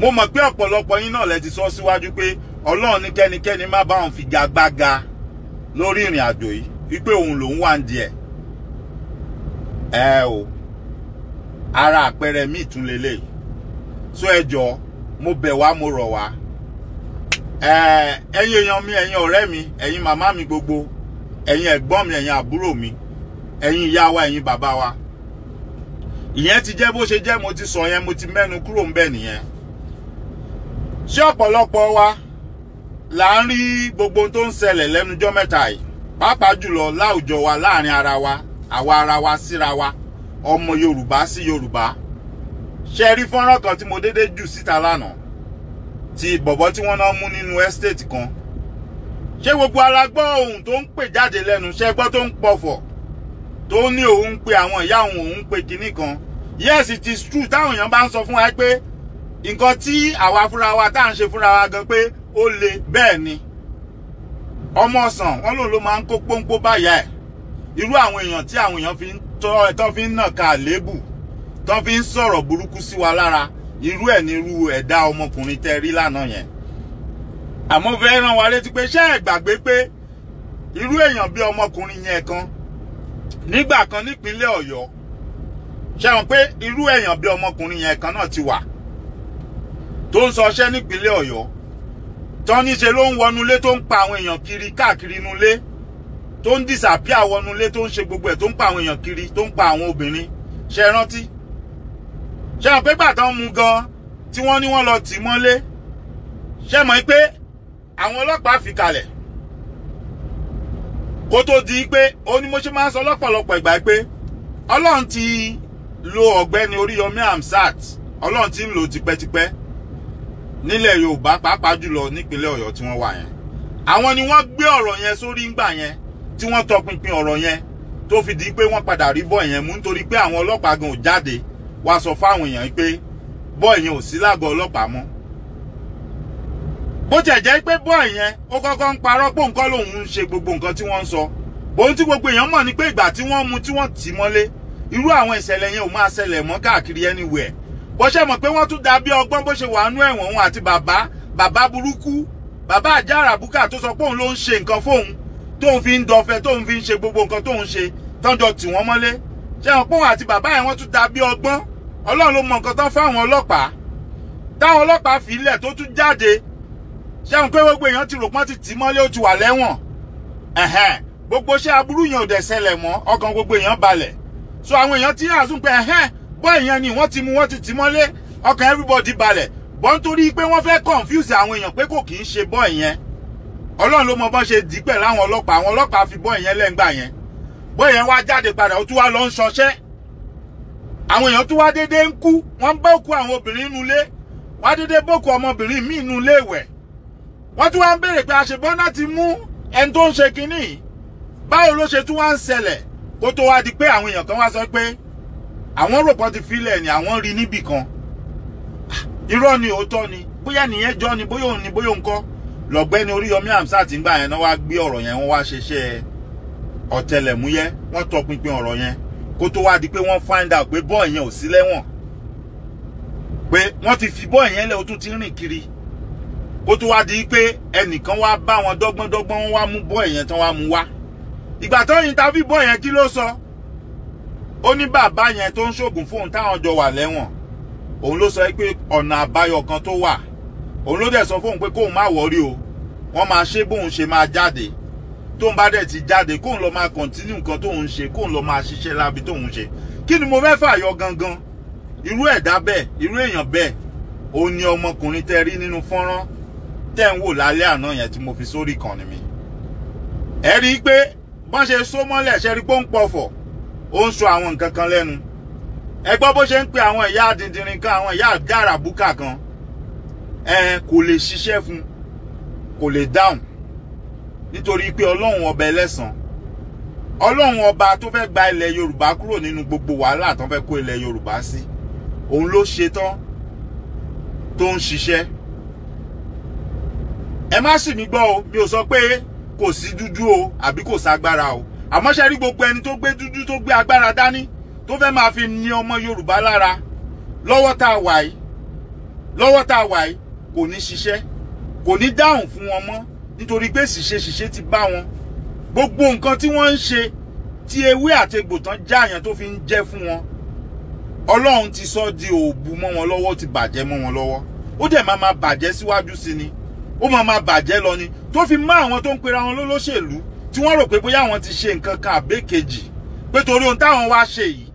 mo mọ̀ pé ọ̀pọ̀lọpọ̀ yín náà lẹ ti sọ síwájú pé Ọlọ́run ní kẹ́nikẹ́ni má bá òun figagbága lórí ìrìn àjò yìí wípé òun lòún wà ń di ẹ̀ ẹ o ara àpẹẹrẹ míì tún lélẹ̀ so ẹ jọ mo bẹ̀ wá mo rọ̀ wá ẹ̀yin èèyàn mi ẹ̀yin ọ̀rẹ́ mi ẹ̀yin màmá mi gbogbo ẹ̀yin ẹ̀gbọ́n mi ẹ̀yin àbúrò mi ẹ̀yin ìyá wa ẹ̀yin bàbá wa ìyẹn ti jẹ́ bó ṣe jẹ́ mo ti sọ yẹn mo ti mẹ́nu kúrò ń bẹ̀ nìyẹn ṣé ọ̀pọ̀lọpọ̀ wa là ń rí gbogbo tó ń ṣẹlẹ̀ lẹ́nujọ́ mẹ́ta yìí pàápàá jùlọ láwùjọ wa láàrin ara wa àwa ara wa síra wa ọmọ Yorùbá sí Yorùbá ṣe rí fọ́nrán kan tí mo déédéé jù síta lánàá ti bọ̀bọ́ tí wọ́n náà mú nínú estate kan ṣé gbogbo ara gbọ́ ohun tó ń pè jáde lẹ́nu ṣé gbọ́ tó ń pọ̀fọ̀ tó ní òun pe àwọn ìyá òun òun pe kinní kan yes it is true táwọn èèyàn bá ń sọ fún wa pé nǹkan tí àwa fúnra wa tá à ń ṣe fúnra wa gan pé ó le bẹ́ẹ̀ ni ọmọ ọsàn wọn lòun ló máa ń kó pọ́npó báyà ẹ̀ irú àwọn èèyàn tí àwọn èèyàn fi ń tọ́ ẹ tán fi ń nàka àléébù tán fi ń sọ̀rọ̀ burúkú sí wa lára irú ẹ̀ ní irú ẹ̀dá ọmọkùnrin tẹ́ rí lánàá yẹn àmọ́ fẹ́ rán wa létí pé ṣé ẹ gbàgbé pé irú èèyàn bí ọmọkùnrin yẹn kan nígbà kan nípínlẹ̀ Ọ̀yọ́ ṣe hàn pé irú èèyàn bí ọmọkùnrin yẹn kan náà ti wà tó ń sọṣẹ́ nípínlẹ̀ Ọ̀yọ́ tán níṣe ló ń wọnú ilé tó ń pa àwọn èèyàn kiri káàkiri inú ilé tó ń dìsàpíà wọnú ilé tó ń ṣe gbogbo ẹ̀ tó ń pa àwọn èèyàn kiri tó ń pa àwọn obìnrin ṣe rántí ṣe mọ̀ pé gbà tán mú gan tí wọ́n ní wọ́n lọ tì mọ́lé ṣe mọ̀ pé àwọn ọlọ́pàá fi kalẹ̀ kó tó di pé ó ní mo ṣe máa ń sọ lọ́pọ̀lọpọ̀ ìgbà pé ọlọ́run ti lo ọ̀gbẹ́ni Oríyọmí Hamzat ọlọ́run ti ń lò tipẹ́tipẹ́ nílẹ̀ Yorùbá pàápàá jùlọ nípínlẹ̀ Ọ̀yọ́ tí wọ́n wà yẹn àwọn ni wọ́n gbé ọ̀rọ̀ yẹn sórí ńgbà yẹn tí wọ́n tọpinpin ọ̀rọ̀ yẹn tó fi di pé wọ́n padà rí bọ́ yẹn mú nítorí pé àwọn ọlọ́pàá gan ò jáde wá sọ fáwọn èèyàn pé bọ́ọ̀ yẹn ò sí lágọ̀ọ́ ọlọ́pàá mọ́ bó tẹ̀ jẹ́ pé bọ́ọ̀ yẹn ó kọ́kọ́ ń parọ́ pé nǹkan lòun ń ṣe gbogbo nǹkan tí wọ́n ń sọ bóun tí gbogbo èèyàn mọ̀ ni pé ìgbà tí wọ́n mu tí wọ́n tì mọ́lé irú àwọn ìṣẹ̀lẹ̀ yẹn ò máa ṣẹlẹ̀ mọ́ káàkiri anywhere bó ṣe mọ̀ pé wọ́n tún dà bí ọgbọ́n bó ṣe wà ẹ̀wọ̀n òun àti bàbá bàbá burúkú bàbá àjàrà búkà tó sọ pé òun ló ń ṣe nǹkan fóun tóun fi ń dọfẹ tóun fi ń ṣe gbogbo nǹkan tóun ṣe tọ́jọ́ tì wọ́n mọ́lé ṣe mọ̀ pé òun àti bàbá yẹn wọ́n tún dà bí ọgbọ́n ọlọ́run ló mọ nǹkan tán fáwọn ọlọ́pàá táwọn ọlọ́pàá fi ilẹ̀ tó tún jáde ṣéun pé gbogbo èèyàn ti rò pọ́n ti tì mọ́lé ó ti wà lẹ́wọ̀n gbogbo iṣẹ́ aburú yẹn ò dẹ̀ ṣẹlẹ̀ mọ́ ọkàn gbogbo èèyàn balẹ̀ so àwọn èèyàn ti àsùn pé bọ́ èèyàn ni wọ́n ti mú wọ́n ti tì mọ́lé ọkàn everybody balẹ̀ bọ́ nítorí pé wọ́n fẹ́ confuse àwọn èèyàn pé kò kì í ṣe bọ́ ìyẹn ọlọ́run ló mọ bọ́n ṣe dì pẹ̀lú àwọn ọlọ́pàá àwọn ọlọ́pàá fi bọ́ ìyẹn lẹ́ngbà yẹn bọ́ ìyẹn wá jáde padà ó tún wá lọ ń ṣọṣẹ́ àwọn èèyàn tún wá dédé ń kú wọ́n ń bá òkú àwọn obìnrin inú ilé wọ́n á dédé bókú ọmọbìnrin míì inú ilé ìwẹ̀ wọ́n tún wá ń béèrè pé àṣebọ́n náà ti mú ẹni tó ń ṣe kínní báwo ló ṣe tún wá ń ṣẹlẹ̀ kó tó wá di pé àwọn èèyàn kan wá sọ pé àwọn rògbọ́n ti filẹ̀ ni àwọn rí níbì kan irọ́ ni òótọ́ ni bóyá nìyẹn jọ ni bóyá òun ni bóyá òun kọ́ lọ́gbẹ́ni Oríyọmí Hamzat ń gbà yẹn náà wá gbé ọ̀rọ̀ yẹn wọ́n wá ṣeṣẹ́ ọ̀tẹlẹ̀múyẹ́ wọ́n tọpinpin ọ̀rọ̀ yẹn kó tó wá di pé wọ́n find out pé bọ́ọ̀ yẹn ò sí lẹ́wọ̀n pé wọ́n ti fi bọ́ọ̀ yẹn lẹ̀ ó tún ti rìn kiri kó tó wá di pé ẹnìkan wá bá wọn dọ́gbọ́ndọ́gbọ́n wọ́n wá mú bọ́ọ̀ yẹn tán wá mú wá ìgbà tó yin tàbí bọ́ọ̀ yẹn kí ló sọ ó ní bàbá yẹn tó ń ṣoògùn fóun táwọn jọ wà lẹ́wọ̀n òun ló sọ pé ọ̀nà àbáyọ kan tó wà òun ló dẹ̀ sọ fóun pé kóun má wọrí o wọ́n máa ṣe bóun ṣe máa jáde tó ń bá dẹ̀ ti jáde kóun lọ máa kọ̀ntínú nǹkan tóun ń ṣe kóun lọ máa ṣiṣẹ́ lábi tóun ń ṣe kí ni mo fẹ́ fàyọ gangan irú ẹ̀dá bẹ́ẹ̀ irú èèyàn bẹ́ẹ̀ òun ni ọmọkùnrin tẹ́ rí nínú fọ́nrán tẹ́ ń wò lálẹ́ àná yẹn tí mo fi sórí ìkànnì mi ẹ rí i pé bọ́n ṣe só mọ́lẹ̀ ṣe rí pé ó ń pọ̀fọ̀ ó ń sọ àwọn nǹkan kan lẹ́nu ẹ gbọ́ bó ṣe ń pe àwọn ìyá dìndìnrín kan àwọn ìyá àjàràbùkà kan ẹ kò lè ṣiṣẹ́ fún kò lè dáhùn nítorí pé ọlọ́run ọba ẹlẹ́san ọlọ́run ọba tó fẹ́ gba ilẹ̀ yorùbá kúrò nínú gbogbo wàhálà tó fẹ́ kó ilẹ̀ yorùbá sí òun ló ṣe tó ń ṣiṣẹ́ ẹ má sì mí gbọ́ o mi ò sọ pé kò sí dúdú o àbí kò ságbára o àmọ́ ṣe rí gbogbo ẹni tó gbé dúdú tó gbé agbára dání tó fẹ́ máa fi ní ọmọ yorùbá lára lọ́wọ́ tá a wà yìí lọ́wọ́ tá a wà yìí kò ní ṣiṣẹ́ kò ní dáhùn fún wọn mọ́ nítorí pé ṣìṣe ṣìṣe ti bá wọn gbogbo nǹkan tí wọ́n ń ṣe tí ewé àtegbò tán jáàyàn tó fi ń jẹ́ fún wọn ọlọ́run ti sọ di òòbù mọ́ wọn lọ́wọ́ ti bàjẹ́ mọ́ wọn lọ́wọ́ ó dẹ̀ máa máa bàjẹ́ síwájú sí ni ó máa máa bàjẹ́ lọ ni tó fi mọ àwọn tó ń pera wọn lólóṣèlú tí wọ́n rò pé bóyá àwọn ti ṣe nǹkan kan àbẹ́kejì pé torí ohun táwọn wá ṣe yìí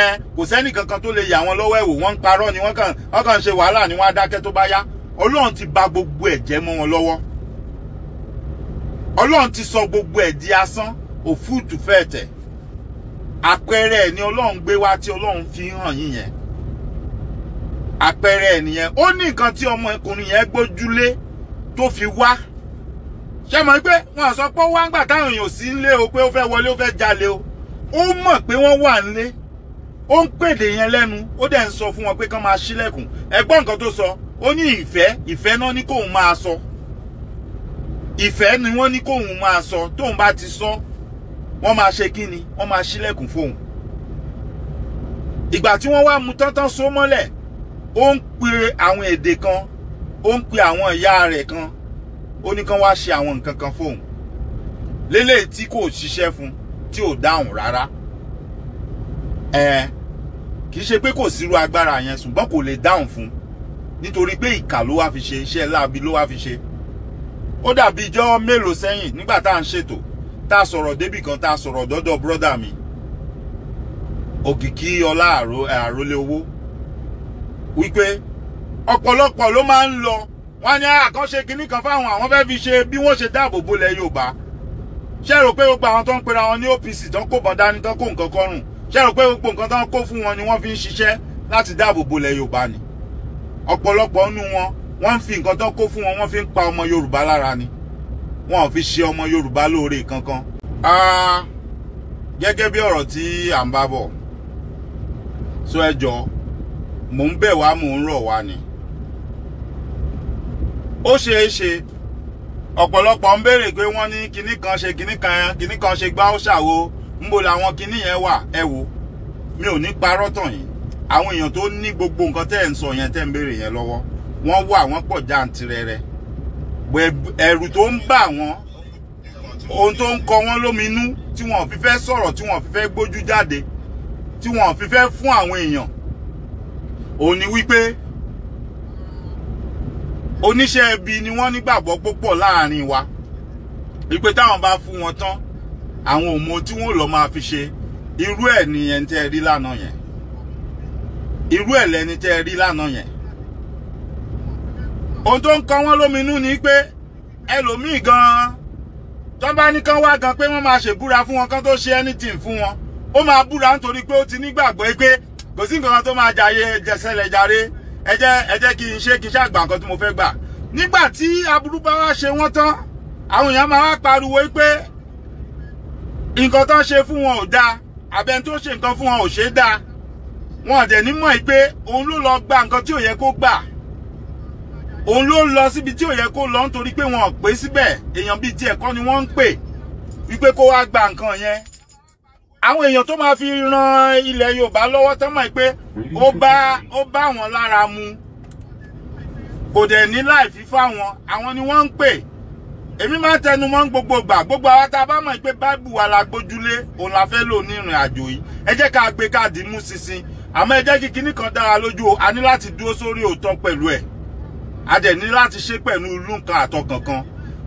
ẹ kò sẹ́nì kankan tó lè yà wọ́n lọ́wọ́ ẹ̀wò wọ́n ń parọ́ ni wọ́n kàn ń ṣe wàhálà ni wọ́n á dákẹ́ tó bá yá ọlọ́run ti bà gbogbo ẹ̀ mọ́ wọn lọ́wọ́ ọlọ́run ti sọ gbogbo ẹ̀ di asán òfúùtù fẹ̀tẹ̀ àpẹẹrẹ ẹ̀ ni ọlọ́run gbé wá tí ọlọ́run fi hàn yín yẹn àpẹẹrẹ ẹ̀ nìyẹn ó ní nǹkan tí ọmọkùnrin yẹn gbójúlé tó fi wá ṣé mọ̀ pé wọ́n sọ pé ó wá ń gbà táwọn èèyàn sí ń lé o pé ó fẹ́ wọlé ó fẹ́ jalè o ó mọ̀ pé wọ́n wà ń lé ó ń pèdè yẹn lẹ́nu ó dẹ̀ ń sọ fún wọn pé kán máa ṣílẹ̀kùn ẹ̀gbọ́n nǹkan tó sọ ó ní ìfẹ́ ìfẹ́ náà ní kóun máa sọ. So ìfẹ́ ni wọ́n ní kóun máa sọ tóun bá ti sọ wọ́n máa ṣe kí ni wọ́n máa ṣílẹ̀kùn fóun ìgbà tí wọ́n wá mú tán-tán so mọ́lẹ̀ ó ń pe àwọn èdè kan ó ń pe àwọn ìyá rẹ̀ kan ó ní kán wá ṣe àwọn nǹkan kan fóun lélẹ́yìí tí kò ṣiṣẹ́ fún tí ò dáhùn rárá ẹ kì í ṣe pé kò sírú agbára yẹn ṣùgbọ́n kò lè dáhùn fún nítorí pé ìkà ló wá fi ṣe iṣẹ́ láabi ló wá fi ṣe ó dàbí ijọ́ mélòó sẹ́yìn nígbà tá à ń ṣètò tá a sọ̀rọ̀ débì kan tá a sọ̀rọ̀ dọ́dọ̀ brọ́dà mi òkìkí ọlá àrólé owó wípé ọ̀pọ̀lọpọ̀ ló máa ń lọ wọ́n ní àkànṣe ah, kinní kan fáwọn àwọn fẹ́ fi ṣe bí wọ́n ṣe dáàbò bolẹ̀ Yorùbá ṣé rò pé gbogbo àwọn tó ń pera wọn ní OPC tó ń kó bọn dání tó ń kó nǹkan kọrùn ṣé rò pé gbogbo nǹkan tó ń kó fún wọn ni wọ́n fi ń ṣiṣẹ́ láti dáàbò bolẹ̀ Yorùbá ni ọ̀pọ̀lọpọ̀ nínú wọn wọ́n fi nǹkan tó kó fún wọn wọ́n fi ń pa ọmọ Yorùbá lára ni wọn ò fi ṣe ọmọ Yorùbá lóore kankan. gẹ́gẹ́ bí ọ̀rọ̀ tí à ń bá bọ̀ so ẹ jọ mò ń bẹ̀ wá mò ń rọ̀ wá ni. ó ṣeé ṣe ọ̀pọ̀lọpọ̀ ń béèrè pé wọ́n ní kinní kan ṣe kinní kan kinní kan ṣe gbá ó ṣàwo ń bo làwọn kinní yẹn wà ẹ wò mi ò ní parọ́ tàn yín àwọn èèyàn tó ní gbogbo nǹkan tẹ́ ẹ̀ ń sọ yẹn tẹ́ ń béèrè yẹn lọ́wọ́ wọ́n wà wọ́n pọ̀ jàǹtìrẹrẹ ẹ̀rù tó ń bà wọ́n ohun tó ń kọ wọ́n lóminú tí wọ́n fi fẹ́ sọ̀rọ̀ tí wọ́n fi fẹ́ gbójú jáde tí wọ́n fi fẹ́ fún àwọn èèyàn òun ni wípé oníṣẹ́ ẹbí ni wọ́n nígbàgbọ́ púpọ̀ láàrin wa wípé táwọn bá fún wọn tán àwọn òmò tí wọ́n lọ máa fi ṣe irú ẹ̀ nìyẹn tẹ́ rí lánàá yẹn irú ẹ̀ lẹni tẹ́ rí lánàá yẹn ohun tó ń kọ wọ́n lóminú ni pé ẹlòmíì gan-an tó bá ní kán wá gan pé wọ́n máa ṣèbúra fún wọn kán tó ṣe anything fún wọn ó máa búra nítorí pé ó ti nígbàgbọ́ pé kò sí nǹkan tó máa jàyè jẹsẹ̀lẹ̀ jàre ẹ jẹ́ ẹ jẹ́ kí n ṣe kí n ṣàgbà nǹkan tí mo fẹ́ gbà nígbà tí aburú bá wá ṣe wọ́n tán àwọn èèyàn máa wá pariwo pé nǹkan tó ń ṣe fún wọn ò dáa àbẹ́ni tó ṣe nǹkan fún wọn ò ṣe é dáa wọn ò dẹ̀ ní mọ̀ pé òun ló lọ gba nǹkan tí ò yẹ kó gbà òun ló ń lọ síbi tí ò yẹ kó lọ nítorí pé wọn ò pè síbẹ̀ èèyàn bíi tiẹ̀ kọ́ ni wọ́n ń pè wípé kó wá gba nǹkan yẹn àwọn èèyàn tó máa fi ran ilẹ̀ Yorùbá lọ́wọ́ tán mọ̀ pé ó bá ó bá wọn lára mu kò dẹ̀ ní láì fífá wọn àwọn ni wọ́n ń pè èmi máa tẹnu mọ́ gbogbo ìgbà gbogbo àwa tá a bá mọ̀ pé báìbù wa la gbójúlé òun la fẹ́ lò ní ìrìn àjò yìí ẹ jẹ́ ká gbé káàdì mú ṣinṣin àmọ́ ẹ jẹ́ kí kinní kan dára lójú o a ní láti dúró sórí òótọ́ pẹ̀lú ẹ̀ a dẹ̀ ní láti ṣe pẹ̀lú lùkàn àtọkànkan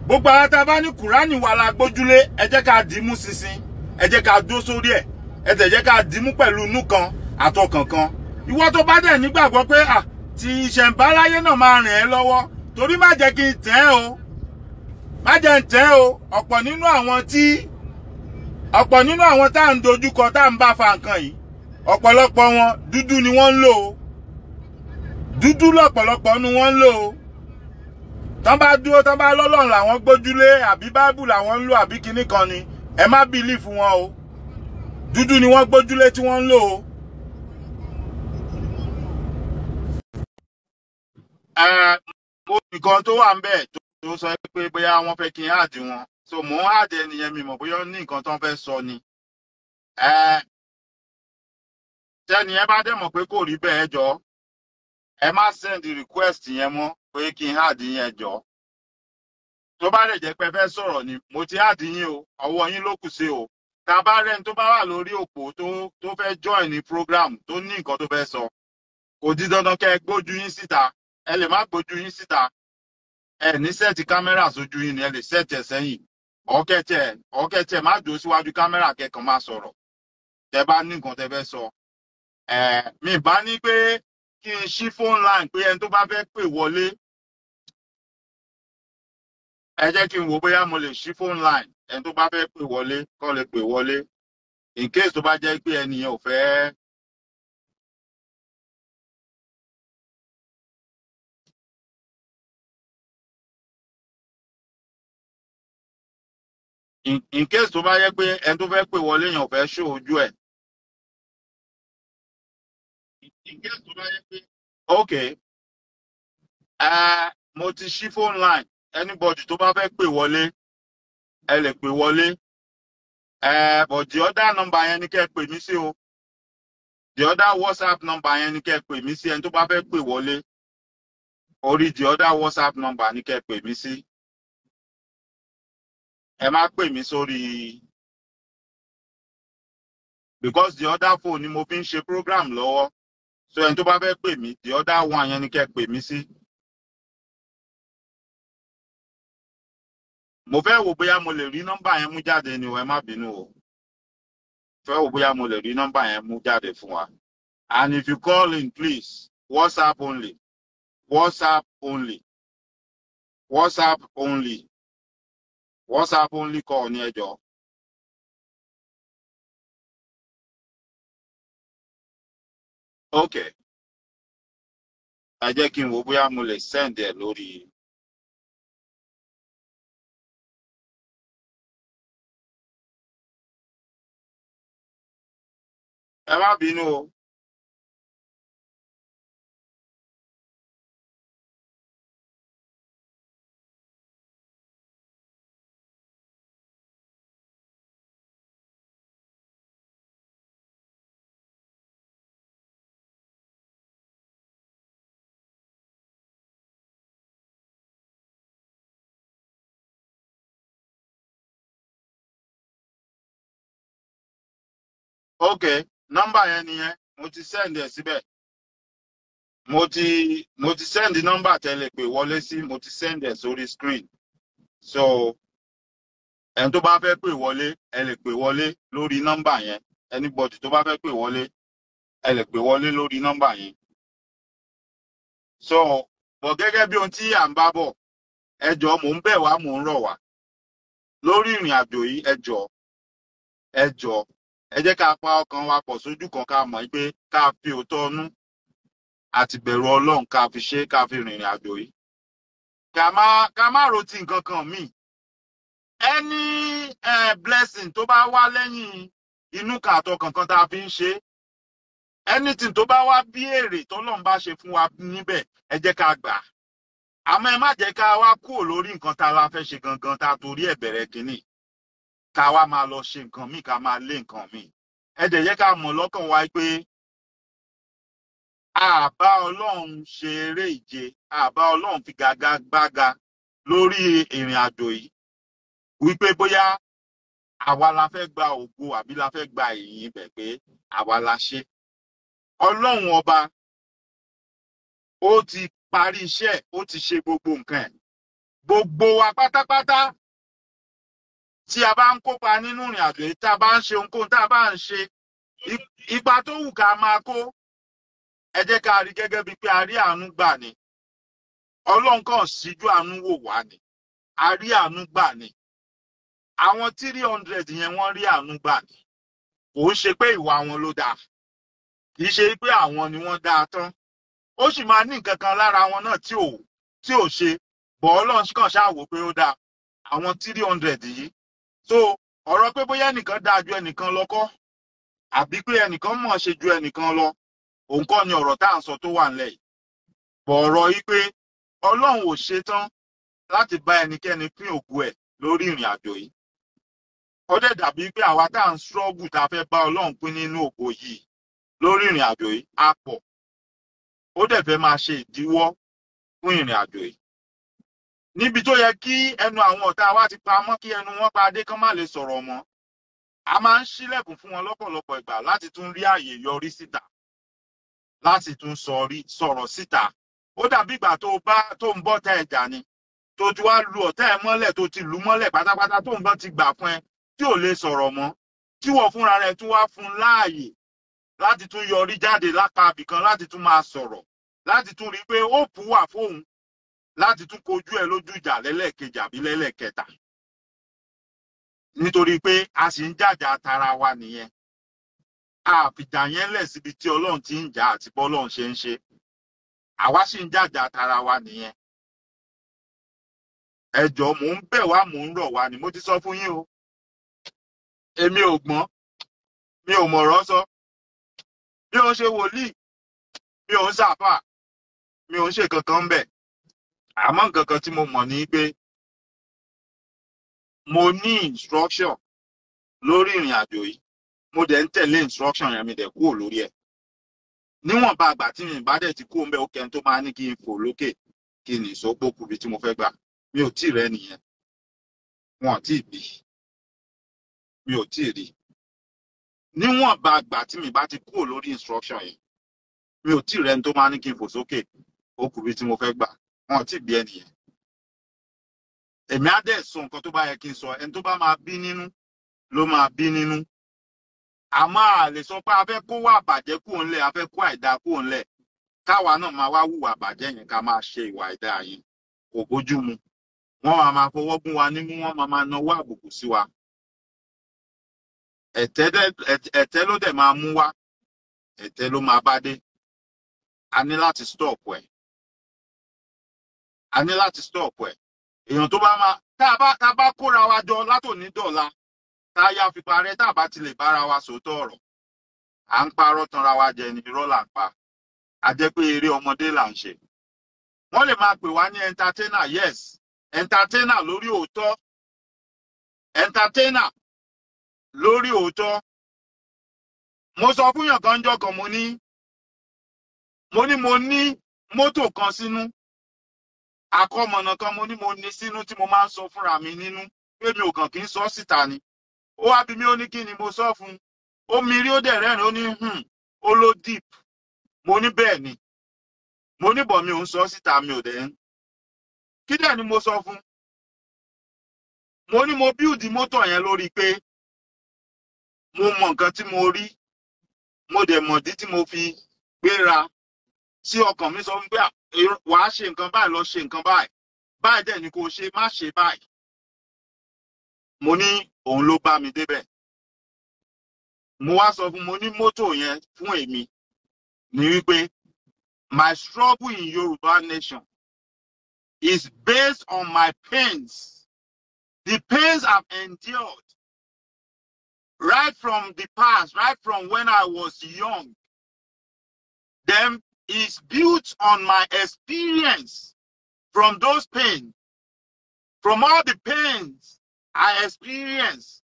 gbogbo ara tá a bá ní kùránì wa la gbójúlé ẹ jẹ́ ká dìímú ṣinṣin ẹ jẹ́ ká dó sórí ẹ̀ ẹ tẹ̀ jẹ́ ká dìímú pẹ̀lú inú kan àtọkànkan ìwọ tó bá dẹ̀ nígbàgbọ́ pé à ti ìṣẹ̀ǹbáláyé náà máa rìn ẹ́ lọ́wọ́ torí má jẹ́ kí n tẹ̀ o má jẹ́ n tẹ̀ o ọ̀pọ̀ nínú àwọn tí ọ̀pọ̀ nínú àwọn tá à ń dojúkọ tá à ń bá fa nǹkan yìí ọ̀pọ̀lọpọ̀ wọn dúdú ni wọ́n ń lò o dúdú lọ́pọ̀lọpọ̀ nu wọ́n ń lò ó tán bá dúró tán bá lọ́lọ́run làwọn gbójúlé àbí báìbù làwọn ń lò àbí kinní kan ni ẹ má bìlífù wọn o dúdú ni wọ́n gbójúlé tí wọ́n ń lò ó. olùkọ́ tó wà ń bẹ̀ tó sọ pé bóyá wọ́n fẹ́ kí n áàdì wọn so mò ń áàdì ẹnìyẹn mi mọ̀ bóyá ní nǹkan tó ń fẹ́ sọ ni. tẹ́ni ẹ bá dẹ̀ mọ̀ pé kò rí bẹ́ẹ̀ jọ ẹ má send request yẹn mọ́ pé kí n hàd yẹn jọ tó bá lè jẹ́ pé ẹ fẹ́ sọ̀rọ̀ ni mo ti hàd yín o ọwọ́ yín ló kù sí o tá a bá rẹ́ni tó bá wà lórí òpó tó fẹ́ join ní program tó ní nǹkan tó fẹ́ sọ kò di dandan kẹ́ ẹ gbójú yín síta ẹ lè má gbójú yín síta ẹ ní sẹ́ẹ̀tì kámẹ́rà sójú yín ni ẹ lè sẹ́ẹ̀tì ẹ̀ sẹ́yìn ọ̀kẹ́tẹ̀ ọ̀kẹ́tẹ̀ má dúró síwájú kámẹ́rà kẹ́kàn má sọ̀rọ̀ tẹ bá ní nǹkan tẹ fẹ́ sọ. mi bá ní pé kí n ṣí phone line pé ẹni tó bá fẹ́ pè wọlé ẹ jẹ́ kí n wò bóyá mo lè ṣí phone line ẹni tó bá fẹ́ pè wọlé kó lè pè wọlé in case tó bá jẹ́ pé ẹnìyẹn ò fẹ́. in case tó bá yẹ pé ẹni tó fẹ́ pè wọlé yẹn ò fẹ́ ṣó ojú ẹ̀ ìgbé ètò báyé pé ok mo ti ṣí phone line anybody tó bá fẹ́ pè wọlé ẹ lè pè wọlé but the other number yẹn ni kẹ́ ẹ pè mí sí o the other WhatsApp number yẹn ni kẹ́ ẹ pè mí sí ẹni tó bá fẹ́ pè wọlé orí the other WhatsApp number ni kẹ́ ẹ pè mí sí ẹ má pè mí sórí because the other phone ni mo fi ń ṣe program lọ́wọ́ So ẹni tó bá fẹ́ pè mí the other one yẹn ni kẹ́ pè mí sí. mo fẹ́ wò bóyá mo lè rí nọ́mbà yẹn mú jáde ni ẹ má bínú o fẹ́ wò bóyá mo lè rí nọ́mbà yẹn mú jáde fún wa and if you call in please whatsapp only whatsapp only whatsapp only whatsapp only call ní ẹjọ́ okay ẹ jẹ́ kí n wo bóyá mo lè send ẹ̀ lórí. ẹ má bínú o ok nọ́mbà yẹn nìyẹn mo ti send ẹ̀ síbẹ̀ mo ti mo ti send nọ́mbà tẹ́lẹ̀ pé wọlé sí mo ti send ẹ̀ sórí screen so ẹni tó bá fẹ́ pè wọlé ẹ lè pè wọlé lórí nọ́mbà yẹn anybody tó bá fẹ́ pè wọlé ẹ lè pè wọlé lórí nọ́mbà yẹn so bọ̀ gẹ́gẹ́ bí ohun tí à ń bá bọ̀ ẹ jọ̀ọ́ mò ń bẹ̀ wá mò ń rọ̀ wá lórí ìrìn àjò yìí ẹ jọ̀ọ́ ẹ jọ̀ọ́ ẹ jẹ́ ká pa ọkàn wa pọ̀ sójú kan ká mọ̀ pé ká fi òótọ́ ọnú àti bẹ̀rù ọlọ́run ká fi ṣe ká fi rìnrìn àjò yìí. ká má ká má ro ti nǹkan kan míì ẹni blessing tó bá wá lẹ́yìn inú kan àtọkàn kan tá a fi ń ṣe anything tó bá wá bí èrè tọ́lọ́run bá ṣe fún wa níbẹ̀ ẹ jẹ́ ká gbà àmọ́ ẹ má jẹ́ ká wá kúrò lórí nǹkan tá a la fẹ́ ṣe gangan tá a torí ẹ̀ bẹ̀rẹ̀ kínní ká wá máa lọ ṣe nǹkan míì ká máa lé nǹkan míì ẹ dẹ̀ yẹ ká mọ̀ lọ́kàn wa pé àbá ọlọ́run ṣe eré ìje àbá ọlọ́run fi gàgà gbága lórí ìrìn àjò yìí wípé bóyá àwa la fẹ́ gba ògo àbí la fẹ́ gba ìyìn bẹ̀ pé àwa la ṣe ọlọ́run ọba ó ti parí iṣẹ́ ó ti ṣe gbogbo nǹkan ẹ̀ gbogbo wa pátápátá tí a bá ń kópa nínú ìrìn àjò yìí tá a bá ń ṣe ohunkóhun tá a bá ń ṣe ipa tó wù ká máa kó ẹ jẹ́ ká rí gẹ́gẹ́ bíi pé a rí àánú gbà ni ọlọ́run kàn síjú àánú wò wá ni a rí àánú gbà ni àwọn three hundred yẹn wọ́n rí àánú gbà ni kò ń ṣe pé ìwà wọn ló dáa kì í ṣe pé àwọn ni wọ́n dáa tán ó sì máa ní nǹkan kan lára wọn náà tí ò tí ò ṣe bọ́ kàn ṣáà wò pé ó dáa àwọn three hundred yìí so ọ̀rọ̀ pé bóyá ẹnìkan dáa ju ẹnìkan lọ kọ́ àbí pé ẹnìkan mọ̀ ṣe ju ẹnìkan lọ òun kọ́ ni ọ̀rọ̀ tá à ń sọ tó wà ńlẹ̀ yìí bọ̀ ọ̀rọ̀ yìí pé ọlọ́run ò ṣe tán láti bá ẹnikẹ́ni pín òkú ẹ̀ lórí ìrìn àjò yìí ó dẹ̀ dàbí pé àwa tá à ń ṣọ́ọ̀bù tá a fẹ́ bá ọlọ́run pín nínú òkú yìí lórí ìrìn àjò yìí á pọ̀ ó dẹ̀ fẹ́ máa ṣe ìdíwọ́ fún ìrìn àjò yìí níbi tó yẹ kí ẹnu àwọn ọ̀tá wa ti pamọ́ kí ẹnu wọn pa adé kán má lè sọ̀rọ̀ mọ́ a máa ń ṣílẹ̀kùn fún wọn lọ́pọ̀lọpọ̀ ìgbà láti tún rí àyè yọrí síta láti tún sọ̀rọ̀ síta ó dàbí ìgbà tó bá tó ń bọ́ tẹ ẹ̀jà ni tó ti wá lu ọ̀tá ẹ̀ mọ́lẹ̀ tó ti lù mọ́lẹ̀ pátápátá tó ń bọ́ ti gbà fún ẹ tí ò lè sọ̀rọ̀ mọ́ tí wọ́n fúnra rẹ̀ tún wá fún láàyè láti tún yọrí jáde lápá abìkan láti tún máa sọ̀rọ̀ láti tún rí i pé ó pù fóun láti tún kojú ẹ lójú ìjà lẹ́lẹ́kejì àbí lẹ́lẹ́kẹta nítorí pé a sì ń jàjà tara wa nìyẹn àfìjà yẹn lẹ̀ síbi tí ọlọ́run ti ń jà àti bọ́lọ́run ṣe ń ṣe àwa sì ń jàjà tara wa nìyẹn ẹ mò ń bẹ̀ wá mò ń rọ̀ wá ni mo ti sọ fún yín o èmi ò gbọ́n mi ò mọ̀rọ̀ sọ mi ò ṣe wòlíì mi ò ń ṣàfà mi ò ń ṣe kankan bẹ́ẹ̀ àmọ́ nǹkan kan tí mo mọ̀ ni pé mo ní instruction lórí ìrìn àjò yìí mo dẹ̀ ń tẹ̀lé instruction yẹn mi dẹ̀ kúrò lórí ẹ̀ níwọ̀nba àgbà tí mi bá dẹ̀ ti kúrò ń bẹ́ ó kẹni tó máa ní kí n fò lókè kí n ìṣó gbókù bí tí mo fẹ́ gbà mi ò tíì rẹ nìyẹn wọn ò tíì bí mi ò tíì rí níwọ̀nba àgbà tí mi bá ti kúrò lórí instruction yìí mi ò tíì rẹni tó máa ní kí n fò sókè ó bí tí mo fẹ́ gbà wọn ò tí ì bí ẹnìyẹn èmi á dẹ̀ sọ nǹkan tó bá yẹ kí n sọ ẹni tó bá máa bí nínú ló máa bí nínú àmọ́ a lè sọ pé a fẹ́ kó wà bàjẹ́ kúrò ńlẹ̀ a fẹ́ kó àìdá kúrò ńlẹ̀ káwa náà máa wá hùwà bàjẹ́ yẹn ká máa ṣe ìwà àìdá yẹn kò bójú mu wọ́n máa máa fọwọ́ gún wa nímú wọ́n máa máa náwó àbùkù sí wa ẹ̀tẹ́ ló dẹ̀ máa mú wá ẹ̀tẹ́ ló máa bá dé a ní láti stop ẹ̀ a ní láti stop ẹ̀ èèyàn tó bá máa tá a bá tá a bá kóra wa jọ látòní dọ̀la tá a yá fi parẹ́ tá a bá ti bára wa sòótọ́ ọ̀rọ̀ à ń parọ́ tanra wa jẹ ni irọ́ là ń pa a jẹ́ pé eré ọmọdé là ń ṣe wọ́n lè máa pè wá ní entertainer yes entertainer lórí òótọ́ entertainer lórí òótọ́ mo sọ fún yàn kan jọ kan mo ní mo ní mo ní mọ́tò kan sínú akọ́mọ̀nà kan mo ní mo ní sínú tí mo máa ń sọ fúnra mi nínú pé mi ò kàn kí ń sọ síta ni ó wá bí mi ó ní kí ni mo sọ fún un ó mi rí ó dẹ̀ rẹ́rìn ó ní hùn hmm, ó ló deep mo ní bẹ́ẹ̀ ni mo ní bọ̀ mi ò ń sọ síta mi ò dẹ̀ ń kí dẹ̀ ni mo sọ fún un mo ní mo build mọ́tò yẹn lórí pé mo mọ nǹkan tí mo rí mo dẹ̀ mọ̀dí tí mo fi gbéra sí ọkàn mi sọ fún pé wàá ṣe nǹkan báyìí lọ ṣe nǹkan báyìí báyìí dẹ̀ ni kò ṣe má ṣe báyìí mo ní òun ló bá mi débẹ̀ mo wá sọ fún mo ní mọ́tò yẹn fún èmi ni wípé my struggle in Yorùbá nation is based on my pains the pains I've endured right from the past right from when I was young Them. is built on my experience from those pains, from all the pains I experienced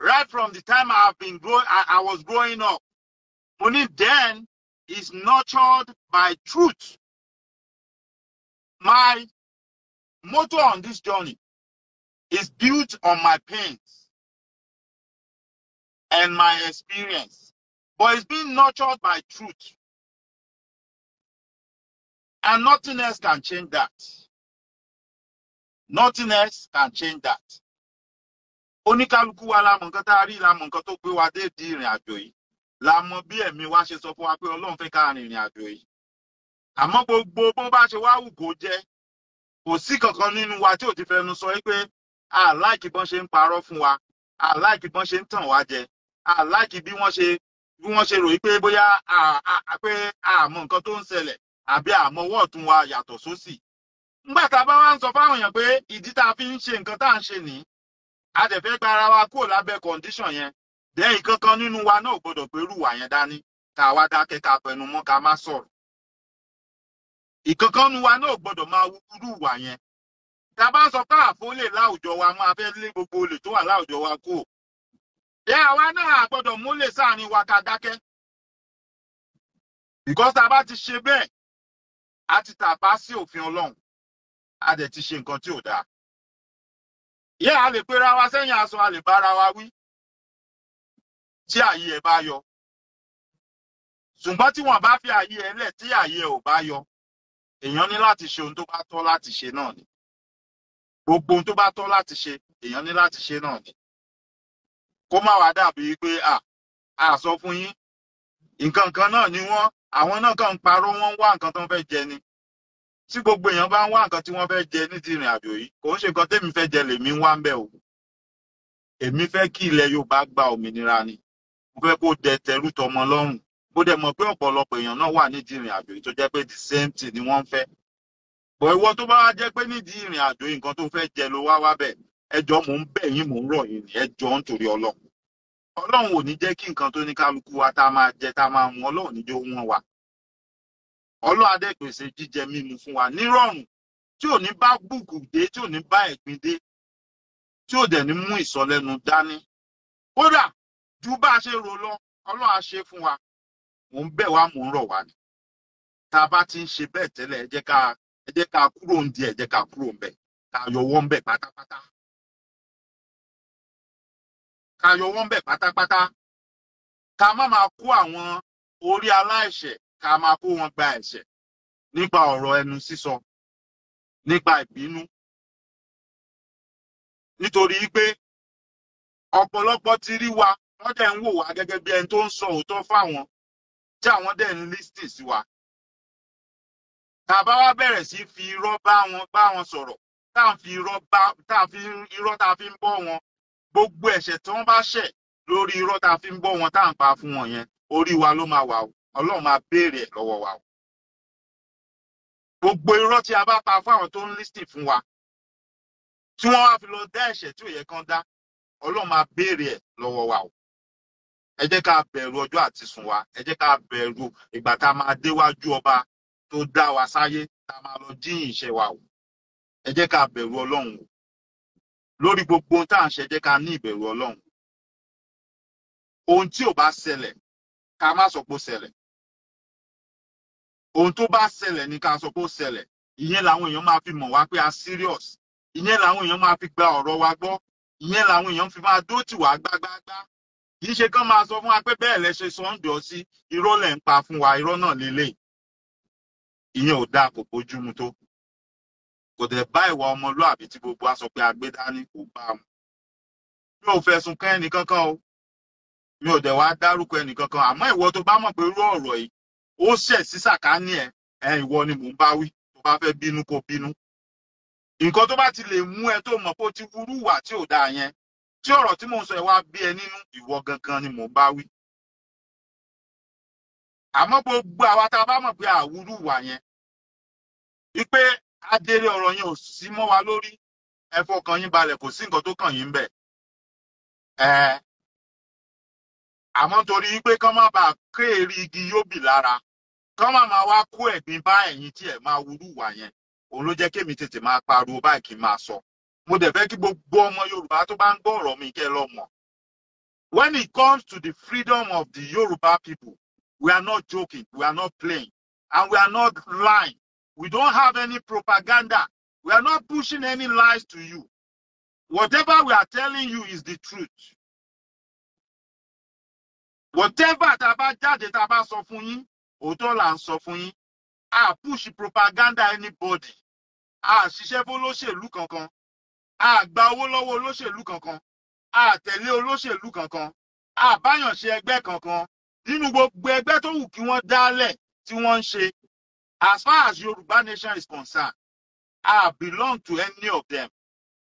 right from the time I've been growing, I, I was growing up. Only then is nurtured by truth. My motto on this journey is built on my pains and my experience, but it's being nurtured by truth. And nothing else can change that. Nothing else can change that. Oníkálukú wa la mọ̀ nǹkan tá a rí la mọ̀ nǹkan tó gbé wa dé di ìrìn àjò yìí. La mọ̀ bí ẹ̀mí wa ṣe sọ fún wa pé Ọlọ́run fẹ́ ká rìn ìrìn àjò yìí. Àmọ́ gbogbo bó bá ṣe wá wù kó jẹ́. Kò sí kankan nínú wa tí ò ti fẹnu sọ pé àláìkí bọ́n ṣe ń parọ́ fún wa. Àláìkí bọ́n ṣe ń tàn wá jẹ. Àláìkí bí wọ́n ṣe bí wọ́n bóyá àmọ́ nǹkan tó ń ṣẹlẹ̀ àbí àmọ́wọ́ ọ̀tún wa yàtọ̀ sósì ńgbà tá a bá wá ń sọ fáwọn èèyàn pé ìdí tá a fi ń ṣe nǹkan tá à ń ṣe nìyí a dẹ̀ fẹ́ gba ara wa kúrò lábẹ́ condition yẹn dẹ́yìn kankan nínú wa náà gbọ́dọ̀ pé rúwà yẹn dání ká wá dákẹ́ ká pẹnu mọ́ ká má sọ̀rọ̀ ìkankan nínú wa náà gbọ́dọ̀ máa wú rúwà yẹn tá a bá sọ pé àfólè láwùjọ wa máa fẹ́ lé gbogbo olè tó wà láwùjọ wa kúrò ẹ àwa náà gbọ́dọ̀ múlẹ̀ sáàrin wa ká dákẹ́ a ti tàpá sí òfin ọlọ́run a dẹ̀ ti ṣe nǹkan tí ò dáa yẹ a lè pera wa sẹ́yìn aṣọ a lè bára wa wí tí ààyè ẹ̀ bá yọ ṣùgbọ́n tí wọ́n bá fi ààyè ẹ̀ lẹ̀ tí ààyè ẹ̀ ò bá yọ èèyàn ní láti ṣe ohun tó bá tọ́ láti ṣe náà ni gbogbo ohun tó bá tọ́ láti ṣe èèyàn ní láti ṣe náà ni kó má wàá dàbí pé à à sọ fún yín nǹkan kan náà ni wọ́n àwọn náà kàn ń parọ́ wọ́n ń wá nǹkan tó ń fẹ́ jẹ ni tí gbogbo èèyàn bá ń wá nǹkan tí wọ́n fẹ́ jẹ ní ti ìrìn àjò yìí kò ń ṣe nǹkan tẹ́mi fẹ́ jẹ lèmi ń wá ń bẹ̀ o èmi fẹ́ kí ilẹ̀ Yorùbá gba òmìnira ni mo fẹ́ kó dẹ tẹrú tọmọ lọ́rùn bó dẹ mọ̀ pé ọ̀pọ̀lọpọ̀ èèyàn náà wà nídìí ìrìn àjò yìí tó jẹ́ pé the same thing ni wọ́n ń fẹ́ bọ̀ ìwọ tó bá wá jẹ́ pé nídìí ìrìn àjò yìí nǹkan tó fẹ́ jẹ ló wá wá bẹ̀ ẹjọ́ mò ń bẹ̀ yín mò ń rọ̀ yín ni ẹjọ́ ń Ọlọ́run ọlọ́run ò ní jẹ́ kí nǹkan tó ní kálukú wa tá a máa jẹ tá a máa mu ọlọ́run ní jẹ́ wọ́n wa ọlọ́run adẹ́gbèsè jíjẹ mímu fún wa nírọ̀rùn tí ò ní bá bùkù dé tí ò ní bá ẹ̀gbin dé tí ò dẹ̀ ní mú ìsọlẹ́nu dání kódà ju bá a ṣe rò lọ ọlọ́run á ṣe fún wa mò ń bẹ̀ wá mò ń rọ̀ wá ni tá a bá ti ń ṣe bẹ́ẹ̀ tẹ́lẹ̀ ẹ jẹ́ ká ẹ jẹ́ ká kúrò ń di ẹ jẹ́ ká kúrò ń bẹ̀ ká yọwọ́ ń bẹ̀ pátápátá ká yọ wọ́n bẹ̀ pátápátá ká má máa kó àwọn orí aláìṣẹ̀ ká máa kó wọn gba ẹ̀ṣẹ̀ nípa ọ̀rọ̀ ẹnu sísọ nípa ìbínú nítorí pé ọ̀pọ̀lọpọ̀ ti rí wa wọ́n dẹ̀ ń wò wá gẹ́gẹ́ bí ẹni tó ń sọ òótọ́ fáwọn tí àwọn dẹ̀ ń lísìn sí wa tàbá wá bẹ̀rẹ̀ sí fi irọ́ bá wọn bá wọn sọ̀rọ̀ tá à ń fi irọ́ tá à ń fi irọ́ tá a fi ń wọn gbogbo ẹ̀ṣẹ̀ tí wọ́n bá ṣẹ̀ lórí irọ́ tá a fi ń bọ́ wọn tá à ń pa fún wọn yẹn orí wa ló máa wà o ọlọ́run máa béèrè ẹ̀ lọ́wọ́ wa o. gbogbo irọ́ tí a bá pa fún àwọn tó ń lísìn fún wa tí wọ́n wá fi lọ dá ẹ̀ṣẹ̀ tí ò yẹ dá ọlọ́run máa béèrè ẹ̀ lọ́wọ́ wa o. ẹ jẹ́ ká bẹ̀rù ọjọ́ àti sùn wa ẹ jẹ́ ká bẹ̀rù ìgbà tá a máa déwájú ọba tó dá wa sáyé tá a máa lọ jíyìn iṣẹ́ wa o. ẹ jẹ́ ká bẹ̀rù ọlọ́run o lórí gbogbo ohun tá à ń ṣe jẹ́ ká ní ìbẹ̀rù ọlọ́run ohun tí ò bá ṣẹlẹ̀ ká má sọ pé ó ṣẹlẹ̀ ohun tó bá ṣẹlẹ̀ ni ká sọ pé ó ṣẹlẹ̀ ìyẹn làwọn èèyàn máa fi mọ̀ wá pé a serious ìyẹn làwọn èèyàn máa fi gba ọ̀rọ̀ wa gbọ́ ìyẹn làwọn èèyàn fi máa dó tì gbágbágbá kì í ṣe kán máa sọ fún wa pé bẹ́ẹ̀ lẹ ṣe sọ́ńdọ̀ sí irọ́ lẹ̀ ń pa fún wa irọ́ náà lélẹ̀ ìyẹn ò dáa kò bójúmu tó kò dẹ̀ bá ìwà ọmọlúàbí tí gbogbo wa sọ pé agbé dání kò bá mu mi ò fẹ̀sùn kan ẹnì kankan o mi ò dẹ̀ wá dárúkọ ẹnì kankan àmọ́ ìwọ tó bá mọ̀ pé irú ọ̀rọ̀ yìí ó ṣẹ̀ sí sàkání ẹ̀ ẹ̀ ìwọ ni mò ń bá wí tó bá fẹ́ bínú kó bínú nǹkan tó bá ti lè mú ẹ tó mọ̀ pé ó ti wúrú wà tí ò dáa yẹn tí ọ̀rọ̀ tí mò ń sọ ẹ wá bí ẹ nínú ìwọ gangan ni mò ń bá wí àmọ́ gbogbo àwa tá bá mọ̀ pé àwúrú wà yẹn wípé adéré ọ̀rọ̀ yẹn ò sí mọ́ wa lórí ẹ fọkàn yín balẹ̀ kò sí nǹkan tó kàn yín bẹ̀ àmọ́ torí pé kán má bàa kéèrè igi yóbì lára kán má máa wá kó ẹ̀gbin bá ẹ̀yin tí ẹ̀ máa wúrú wà yẹn òun ló jẹ́ kémi tètè máa pariwo báyìí kí n máa sọ mo dẹ̀ fẹ́ kí gbogbo ọmọ Yorùbá tó bá ń gbọ́ ọ̀rọ̀ mi kẹ́ lọ mọ̀ when it comes to the freedom of the Yorùbá people we are not joking we are not playing and we are not lying We don't have any propaganda. We are not pushing any lies to you. Whatever we are telling you is the truth. Whatever tá a bá jáde tá a bá sọ fún yín, òótọ́ là ń sọ fún yín. A push propaganda anybody. A ṣiṣẹ́ fún olóṣèlú kankan. A gba owó lọ́wọ́ olóṣèlú kankan. A tẹ̀lé olóṣèlú kankan. A báyàn ṣe ẹgbẹ́ kankan. Nínú gbogbo ẹgbẹ́ tó wù kí wọ́n dálẹ̀ tí wọ́n ń ṣe, As far as Yoruba nation is concerned, I belong to any of them.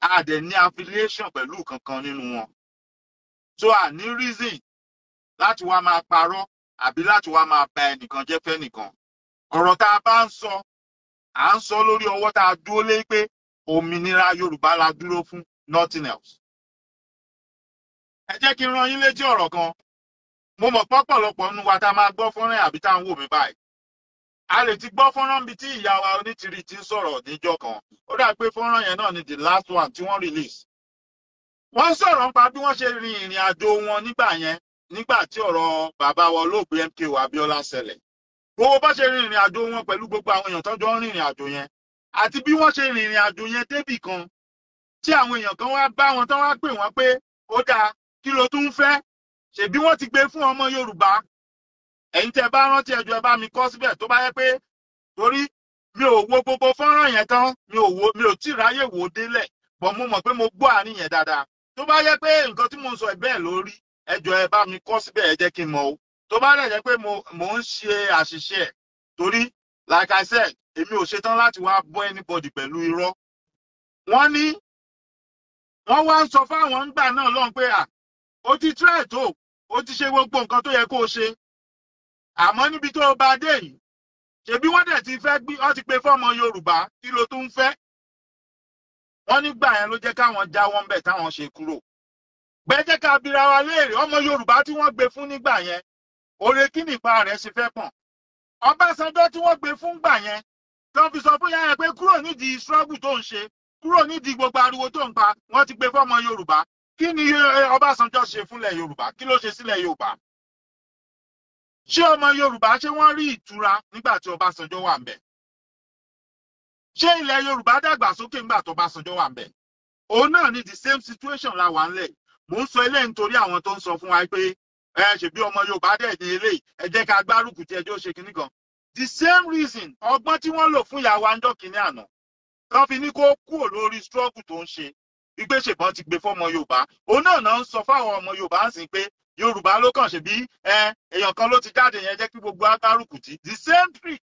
I dẹ̀ ní affiliation pẹ̀lú kankan nínú wọn. So I ní reason láti wá máa parọ́ àbí láti wá máa ba ẹnìkan jẹ́ fẹ́nìkan. Ọ̀rọ̀ tá a bá ń sọ, à ń sọ lórí ọwọ́ tá a dúró lé pé òmìnira Yorùbá la dúró fún nothing else. Ẹ jẹ́ kí n rán yín létí ọ̀rọ̀ kan. Mo mọ̀ pọ́pọ̀lọpọ̀ nínú wa tá a máa gbọ́ fọ́nrán àbí tá a ń wò mí báyìí a lè ti gbọ́ fọ́nrán bíi tí ìyá wa onítìrí ti ń sọ̀rọ̀ níjọ́ kan ó dà pé fọ́nrán yẹn náà ni the last one tí wọ́n release. wọ́n sọ̀rọ̀ nípa bí wọ́n ṣe rin ìrìn àjò wọn nígbà yẹn nígbà tí ọ̀rọ̀ bàbá wa olóògbé MKO Abiola ṣẹlẹ̀. gbogbo bá ṣe rin ìrìn àjò wọn pẹ̀lú gbogbo àwọn èèyàn tọ́jọ́ ń rin ìrìn àjò yẹn àti bí wọ́n ṣe rin ìrìn àjò yẹn débì kan tí àwọn èèyàn kan wá bá wọn tán wá pè wọ́n pé ó dáa kí lo tún fẹ́ ṣèbí wọ́n ti gbé fún ọmọ Yorùbá ẹ̀yin tẹ́ bá rántí ẹjọ́ ẹ bá mi kọ́ síbẹ̀ tó bá yẹ pé torí mi ò wo gbogbo fọ́nrán yẹn tán mi ò wo mi ò tí ráyè wò ó délẹ̀ bọ̀ mo mọ̀ pé mo gbọ́ àárín yẹn dáadáa tó bá yẹ pé nǹkan tí mo sọ bẹ́ẹ̀ lórí ẹjọ́ ẹ bá mi kọ́ síbẹ̀ ẹ jẹ́ kí n mọ̀ o tó bá dẹ̀ jẹ́ pé mo ń ṣe àṣìṣe ẹ̀ torí like I said èmi ò ṣetán láti wá bọ́ anybody pẹ̀lú irọ́ wọ́n ní wọ́n wá ń sọ fáwọn ńgbà náà lọ́n pé à ó ti try tó ó ti ṣe gbogbo nǹkan tó yẹ kó o ṣe àmọ́ níbi tó o bá dé yìí ṣebí wọ́n dẹ̀ ti fẹ́ gbí wọ́n ti pe fọ́mọ Yorùbá kí ló tún ń fẹ́ wọ́n nígbà yẹn ló jẹ́ káwọn já wọn bẹ̀ táwọn ṣe kúrò gbẹ́jẹ́ ká bira wa léèrè ọmọ Yorùbá tí wọ́n gbé fún nígbà yẹn oore kí nìpa rẹ̀ ṣe fẹ́ pọ̀n Ọbásanjọ́ tí wọ́n gbé fún gbà yẹn tó fi sọ fún yàrá pé kúrò nídìí struggle tó ń ṣe kúrò nídìí gbogbo ariwo tó ń pa wọ́n ti gbé fọ́mọ Yorùbá kí ni eh, Ọbásanjọ́ ṣe fúnlẹ̀ Yorùbá kí ló ṣe sílẹ̀ Yorùbá ṣé ọmọ yorùbá ṣé wọ́n rí ìtura nígbà tí ọbásanjọ́ wà ń bẹ̀ ṣé ilẹ̀ yorùbá dàgbà sókè nígbà tí ọbásanjọ́ wà ń bẹ̀ òun náà ni the same situation la wà ńlẹ̀ mò ń sọ eléyìí nítorí àwọn tó ń sọ fún wa pé ẹ ṣèbí ọmọ yorùbá dẹ̀ ní eléyìí ẹ jẹ́ ká gbárùkù tí ẹjọ́ ṣe kinní kan the same reason ọgbọ́n tí wọ́n lò fún ìyàwó anjọ́ kìíní àná tó fi ní kó kúrò lórí struggle tó ń ṣe ìgbésẹ̀bọn ti gbé fọ́mọ yorùbá òun náà náà ń sọ fáwọn ọmọ yorùbá ń sìn pé yorùbá ló kàn ṣe bí èèyàn kan ló ti jáde yẹn jẹ́ kí gbogbo agbárùkù tí the same trick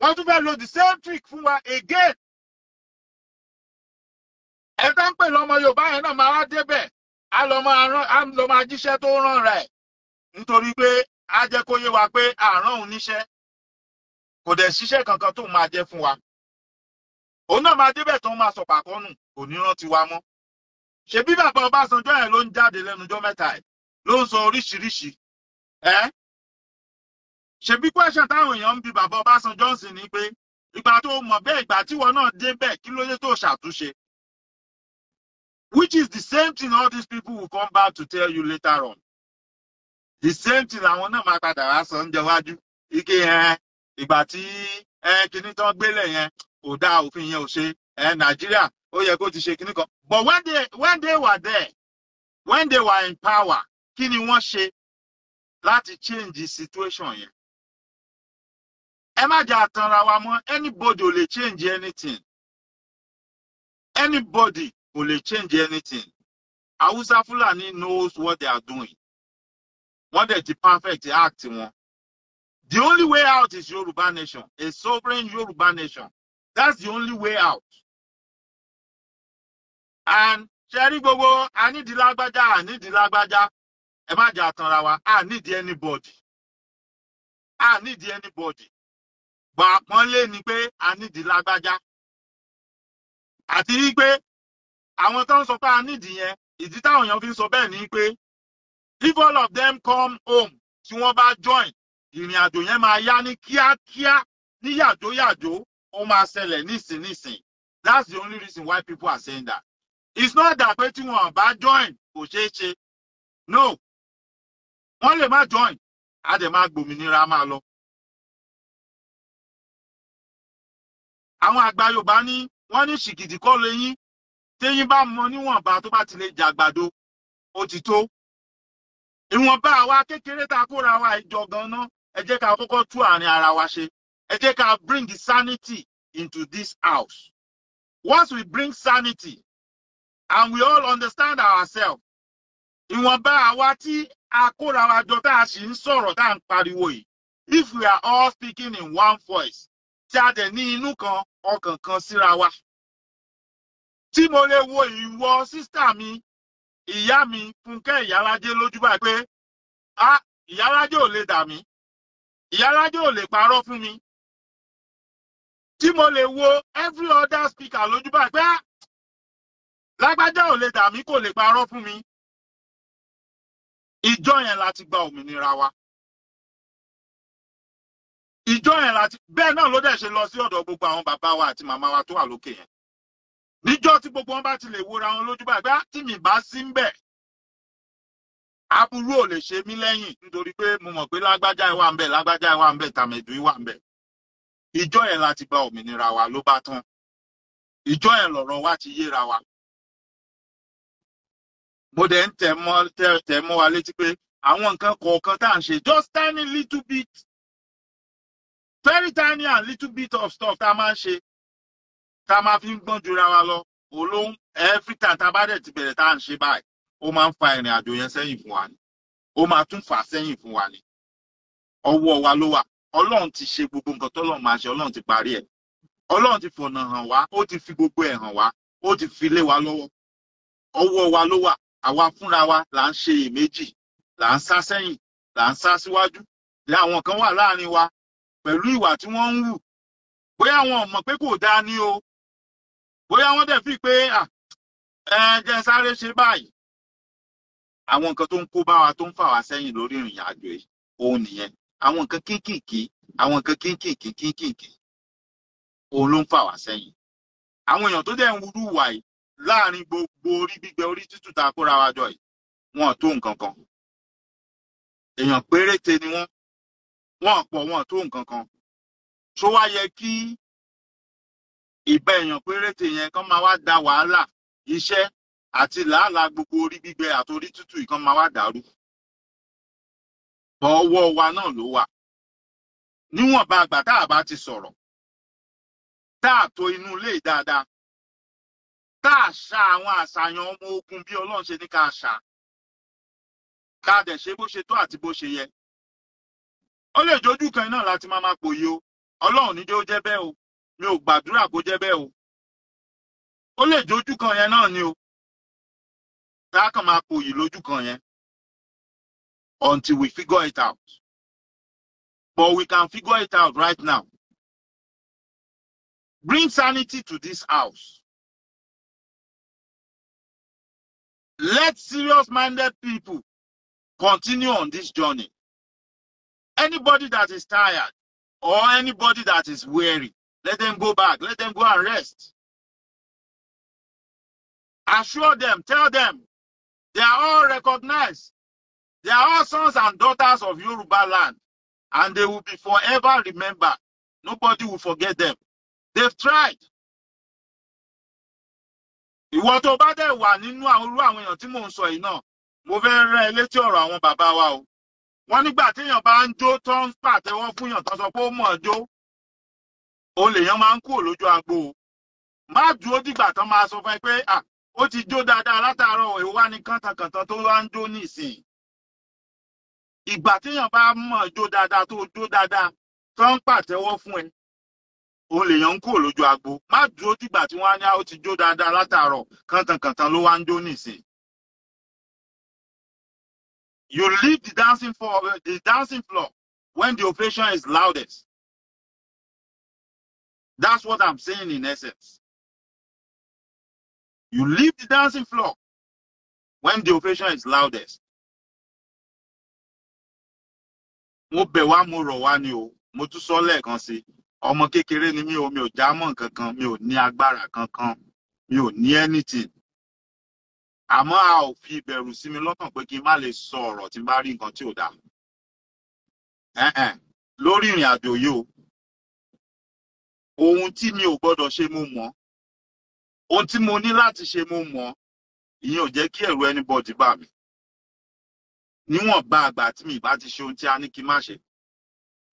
wọ́n tún fẹ́ lo the same trick fún wa again ẹ̀ka ń pè lọ́mọ yorùbá yẹn náà máa wá débẹ̀ á lọ máa jíṣẹ́ tó rán rẹ̀ nítorí pé á jẹ́ kó yé wa pé àárọ̀ òun níṣẹ́ kò dẹ̀ ṣiṣẹ́ kankan tó máa jẹ́ fún wa òun náà máa débẹ̀ tó máa sọ̀pà kò ní rántí wa mọ́ ṣebí bàbá Ọbásanjọ́ yẹn ló ń jáde lẹ́nujọ́ mẹ́ta ẹ̀ ló oríṣiríṣi ẹ ṣebí kwẹsàn táwọn èèyàn ń bi bàbá Ọbásanjọ́ sì ni pé ìgbà tó mọ̀ bẹ́ẹ̀ ìgbà tíwọ náà débẹ̀ kí ló dé tó ṣàtúnṣe which is the same thing all these people will come back to tell you later on the same thing làwọn náà máa padà wá sọ ń jẹwájú ike yẹn ìgbà tí kinní tán gbélé yẹn kò dáa òfin yẹn ò ṣe nàìjíríà ó yẹ kó ti ṣe kinní kan but when they when they were there when they were in power kí ni wọ́n ṣe láti change situation yẹn ẹ má jẹ́ àtanra wa mọ́ anybody ò lè change anything anybody ò lè change anything Hausa Fulani knows what they are doing wọ́n dẹ̀ ti perfect act wọn the only way out is Yoruba nation a sovereign Yoruba nation that's the only way out and ṣe rí gbogbo anídìí lágbájá anídìí lágbájá ẹ má jà tanra wa a nídìí anybody I need anybody gbà pọ́nlé ni pé I need lágbájá àti wípé àwọn tó ń sọ pé a nídìí yẹn ìdí táwọn èèyàn fi ń sọ bẹ́ẹ̀ ni pé if all of them come home tí wọ́n bá join ìrìn àjò yẹn máa yá ní kíákíá ní yàjóyàjó ó máa ṣẹlẹ̀ nísinsìnyí that's the only reason why people are saying that it's not that pé tí wọ́n bá join kò ṣeé ṣe no wọ́n lè má join á dẹ̀ máa gbòmìnira máa lọ. àwọn àgbà Yorùbá ní wọ́n ní ṣìkìtì kọ́ lẹ́yìn téyín bá mọ níwọ̀nba tó bá ti lè jàgbàdo ó ti tó. ìwọ̀nba àwa kékeré tá a kóra wa ìjọ ganan ẹ jẹ́ ká kọ́kọ́ tú àárín ara wa ṣe ẹ jẹ́ ká bring sanity into this house. Once we bring sanity and we all understand ourselves ìwọ̀nba àwa tí a kóra wa jọ tá a sì ń sọ̀rọ̀ tá à ń pariwo yìí if we are all speaking in one voice tí a dẹ̀ ní inú kan ọkàn kan síra wa. tí mo lè wo ìwọ sísítà mi ìyá mi Fúnkẹ́ Ìyálájé lójú bá pé a Ìyálájé ò lè dà mí Ìyálájé ò lè parọ́ fún mi. tí mo lè wo every other speaker lójú bá pé a lágbájá ò lè dà mí kò lè parọ́ fún mi ìjọ yẹn la ti gba òmìnira wa ìjọ yẹn la ti bẹ́ẹ̀ náà ló dẹ̀ ṣe lọ sí ọ̀dọ̀ gbogbo àwọn bàbá wa àti màmá wa tó wà lókè yẹn níjọ́ tí gbogbo wọn bá ti lè wòra wọn lójú báyìí ah, tí mi bá sí ń bẹ̀ aburú ò lè ṣe mí lẹ́yìn nítorí pé mo mọ̀ pé lágbájá ìwà ń bẹ̀ lágbájá ìwà ń bẹ̀ tàmẹ̀dù ìwà ń bẹ̀ ìjọ yẹn la ti gba òmìnira wa ló bá tán ìjọ yẹn lọ̀rọ̀ wa ti yéra wa mo dẹ̀ ń tẹ̀ mọ́ tẹ̀ mọ́ wa létí pé àwọn nǹkan kọ̀ọ̀kan tá à ń ṣe just tiny little bit very tiny and little bit of stuff tá a máa ń ṣe tá a máa fi ń gbọ́n jura wa lọ olóhùn every time tá a bá dẹ̀ ti bẹ̀rẹ̀ tá à ń ṣe báyìí ó máa ń fa ìrìn àjò yẹn sẹ́yìn fún wa ni ó máa tún fà sẹ́yìn fún wa ni ọwọ́ wa ló wà ọlọ́run ti ṣe gbogbo nǹkan tọ́lọ́run máa ṣe ọlọ́run ti parí ẹ̀ ọlọ́run ti fọ̀nà hàn wá ó ti fi gbogbo ẹ̀ hàn wá ó ti fi lé wa lọ́wọ́ ọwọ́ wa ló wà àwa fúnra wa là ń ṣe èméjì là ń sá sẹ́yìn là ń sá síwájú bí àwọn kan wà láàrin wa pẹ̀lú ìwà tí wọ́n ń wù bóyá àwọn ò mọ̀ pé kò dáa ní o bóyá wọ́n dẹ̀ fi pé ẹ jẹ́ sáré ṣe báyìí àwọn nǹkan tó ń kó bá wa tó ń fà wá sẹ́yìn lórí ìrìn àjò yìí òun nìyẹn àwọn nǹkan kínkìnkì àwọn nǹkan kínkìnkì kínkìnkì òun ló ń fà wá sẹ́yìn àwọn èèyàn tó dẹ̀ ń wúrú wà láàrin gbogbo orí gbígbẹ orí tútù tá a kóra wa jọ yìí wọn tó nǹkan kan èèyàn péréte ni wọn wọn pọ̀ wọn tó nǹkan kan tó wá yẹ kí ìbẹ èèyàn péréte yẹn kán máa wá da wàhálà iṣẹ́ àti làálàá gbogbo orí gbígbẹ àti orí tútù yìí kán máa wá dàrú ọwọ́ wa náà ló wà níwọ̀nba àgbà tá a bá ti sọ̀rọ̀ tá a tò inú ilé dáadáa ká ṣà àwọn àṣàyàn ọmọ ogun bí ọlọ́run ṣe ní ká ṣà ká dẹ̀ ṣe bó ṣe tó àti bó ṣe yẹ. ó lè jójú kan náà láti máa máa pòye o ọlọ́run ní jẹ́ bẹ́ẹ̀ o mi ò gbàdúrà kó jẹ́ bẹ́ẹ̀ o. ó lè jójú kan yẹn náà ni o ká kàn máa pòye lójú kan yẹn until we figure it out. But we can figure it out right now. Bring sanity to this house. Let serious-minded people continue on this journey. Anybody that is tired or anybody that is weary, let them go back. Let them go and rest. Assure them, tell them, they are all recognized. They are all sons and daughters of Yoruba land, and they will be forever remembered. Nobody will forget them. They've tried. ìwọ tó bá dẹ̀ wà nínú àwọn irú àwọn èèyàn tí mò ń sọ yìí náà mo fẹ́ rẹ́ ẹ létí ọ̀rọ̀ àwọn bàbá wa o wọ́n nígbà téèyàn bá ń jó tó ń pàtẹ́wọ́ fún èèyàn tó sọ pé ó mọ̀ ọ́ jó o lèèyàn máa ń kúrò lójú agbo o má dúró dìgbà tán máa sọ fún ẹ pé à ó ti jó dáadáa látàárọ̀ èwo wá ní kàntàkàntàn tó wá ń jó ní ìsìn ìgbà téèyàn bá mọ̀ jó dáadáa tó jó dáadáa tó ń pàtẹ́wọ́ fún ẹ òun lèèyàn ń kúrò lójú agbo má dúró dìgbà tí wọ́n á ní ó ti jó dáadáa látàárọ̀ kàntankàntan ló wá ń jó nìsín. You leave the dancing floor, the dancing floor when the operation is loudest. That's what I'm saying in essence. You leave the dancing floor when the operation is loudest. Mo bẹ̀ wá mo rọ̀ wá ni o, mo tún sọ lẹ́ẹ̀kan sí i ọmọ kékeré ni mí o mi ò já mọ́ nǹkan kan mi ò ní agbára kankan mi ò ní anything àmọ́ a ò fi ìbẹ̀rù sí mi lọ́kàn pé kí n má lè sọ ọ̀rọ̀ tí n bá rí nǹkan tí ò dáa lórí ìrìn àjò yìí o ohun tí mi ò gbọ́dọ̀ ṣe mo mọ̀ ohun tí mo ní láti ṣe mo mọ̀ ìyẹn ò jẹ́ kí ẹ̀rù anybody bà mí níwọ̀n bá àgbà tí mi bá ti ṣe ohun tí a ní kí n má ṣe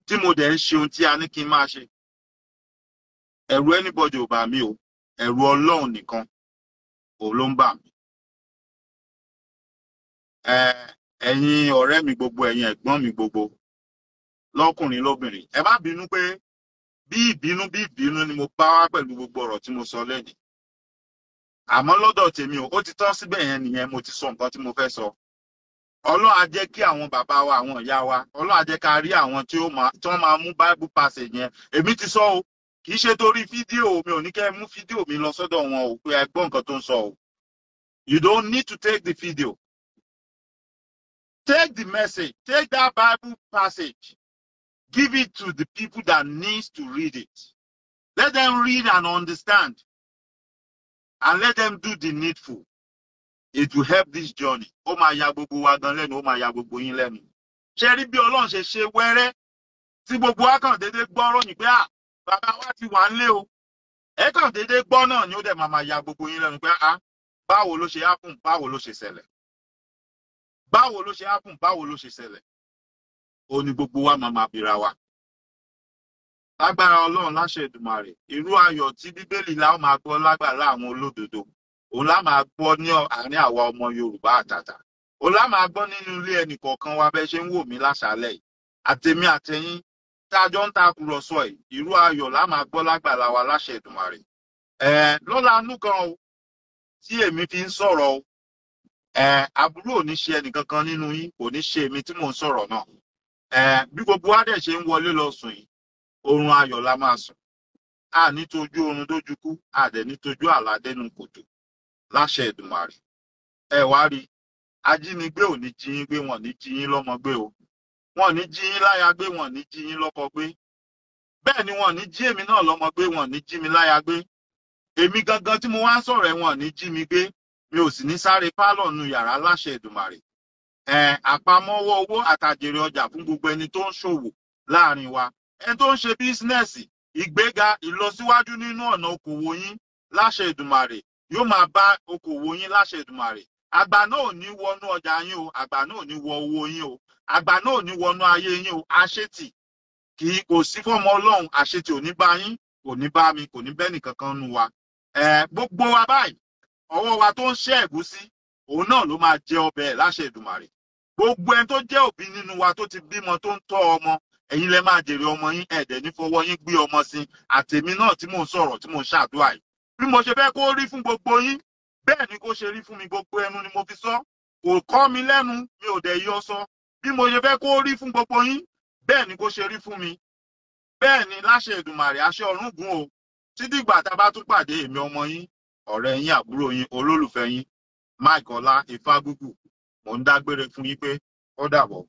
tí mo dẹ̀ ń ṣe ohun tí a ní kí n má ṣe ẹ̀rù anybody ò bà o ẹ̀rù ọlọ́run nìkan òun ló ń bà mí. ẹ̀yin ọ̀rẹ́ mi gbogbo ẹ̀yin ẹ̀gbọ́n mi gbogbo lọ́kùnrin lóbìnrin ẹ má bínú pé bí ìbínú bí ìbínú ni mo bá wá pẹ̀lú gbogbo ọ̀rọ̀ tí mo sọ lẹ́nìí àmọ́ lọ́dọ̀ tèmi o ó ti tán síbẹ̀ yẹn nìyẹn mo ti sọ nǹkan tí mo fẹ́ sọ ọlọ́run á jẹ́ kí àwọn bàbá wa àwọn ìyá wa ọlọ́run á jẹ́ ká rí àwọn tí wọ́n máa mú bible passage yẹn èmi ti sọ o kì í ṣe torí fídíò mi ò ní kẹ́ ẹ mú fídíò mi lọ sọ́dọ̀ wọn o pé ẹ nǹkan tó ń sọ o you don't need to take the video take the message take that Bible passage give it to the people that needs to read it let them read and understand and let them do the needful it will help this journey ó máa ya gbogbo wa gan lẹ́nu ó máa ya gbogbo yín lẹ́nu ṣe rí bí Ọlọ́run ṣe ṣe wẹ́rẹ́ tí gbogbo wa kàn déédéé gbọ́ ròyìn pé ah bàbá wa ti wà nílé o ẹ kàn déédé gbọ́ náà ni ó dẹ̀ máa ya gbogbo yín lẹ́nu pé ah báwo ló ṣe happen báwo ló ṣe ṣẹlẹ̀ báwo ló ṣe happen báwo ló ṣe ṣẹlẹ̀ ó ní gbogbo wa máa máa bira wa lágbára ọlọ́run láṣẹ Èdùmàrè irú ayọ̀ tí bíbélì la máa gbọ́ lágbára àwọn olódodo òun la máa gbọ́ ní àárín àwa ọmọ Yorùbá àtàtà òun la máa gbọ́ nínú ilé ẹnì kọ̀ọ̀kan wa bẹ́ẹ̀ ṣe ń wò mí láṣálẹ̀ yìí àtèmi àtẹ̀yin tájọ́ ń tàkùrọ̀sọ ẹ̀ irú ayọ̀ la máa gbọ́ lágbàlá wa láṣẹ Èdùmàrè lọ́la nú kan o tí èmi fi ń sọ̀rọ̀ o aburú ò ní ṣe ẹnìkankan nínú yín kò ní ṣe èmi tí mò ń sọ̀rọ̀ náà bí gbogbo wa dẹ̀ ṣe ń wọlé lọ sùn yìí oorun ayọ̀ la máa sùn a ní tojú oorun dójú kú a dẹ̀ ní tojú àlá kòtò láṣẹ Èdùmàrè ẹ wá rí ajínigbé ò ní jí yín gbé wọn ní jí yín lọ́mọ o wọn ní jí yín láya gbé wọn ní jí yín lọ́kọ gbé bẹ́ẹ̀ ni wọn ní jí èmi náà lọ́mọ gbé wọn ní jí mi láya gbé èmi gangan tí mo wá ń sọ̀rọ̀ ẹ wọn ní jí mi gbé mi ò sì ní sáré pálọ̀ nu yàrá láṣẹ Èdùmàrè ẹ àpamọ́wọ́ owó àtàjèrè ọjà fún gbogbo ẹni tó ń ṣòwò láàrin wa ẹni tó ń ṣe bísínẹ́sì ìgbéga ìlọsíwájú nínú ọ̀nà okòwò yín láṣẹ Èdùmàrè yóò máa bá okòwò yín láṣẹ Èdùmàrè àgbà náà ò ní wọnú ọjà yín o àgbà náà ò ní wọ owó yín o àgbà náà ò ní wọnú ayé yín o àṣetì kì í kò sí fọmọ Ọlọ́run àṣetì ò ní bá yín kò ní bá mi kò ní bẹ́ẹ̀nì kankan nu wa gbogbo wa báyìí ọwọ́ wa tó ń ṣe ẹ̀gúsí òun náà ló máa jẹ ọbẹ̀ ẹ̀ láṣẹ Èdùmàrè gbogbo ẹni tó jẹ́ òbí nínú wa tó ti bímọ tó ń tọ́ ọmọ ẹ̀yin lẹ máa jèrè ọmọ yín ẹ̀dẹ̀ ní fọwọ́ yín gbé ọmọ sí àtèmi náà tí mò ń sọ̀rọ̀ tí mò ń ṣàdúrà yìí bí mo ṣe fẹ́ kó rí fún gbogbo yín bẹ́ẹ̀ ni kò ṣe rí fún mi gbogbo ẹnu ni mo fi sọ kò kọ́ mi lẹ́nu mi ò dẹ̀ yọ sọ bí mo ṣe fẹ́ kó rí fún gbogbo yín bẹ́ẹ̀ ni kò ṣe rí fún mi bẹ́ẹ̀ ni láṣẹ Èdùmàrè àṣẹ ọ̀run o títí ìgbà tá a bá tún pàdé èmi ọmọ yín ọ̀rẹ́ yín àbúrò yín olólùfẹ́ yín Mike Ọlá Ifágúgù mò ń dágbére fún yín pé ó dàbọ̀.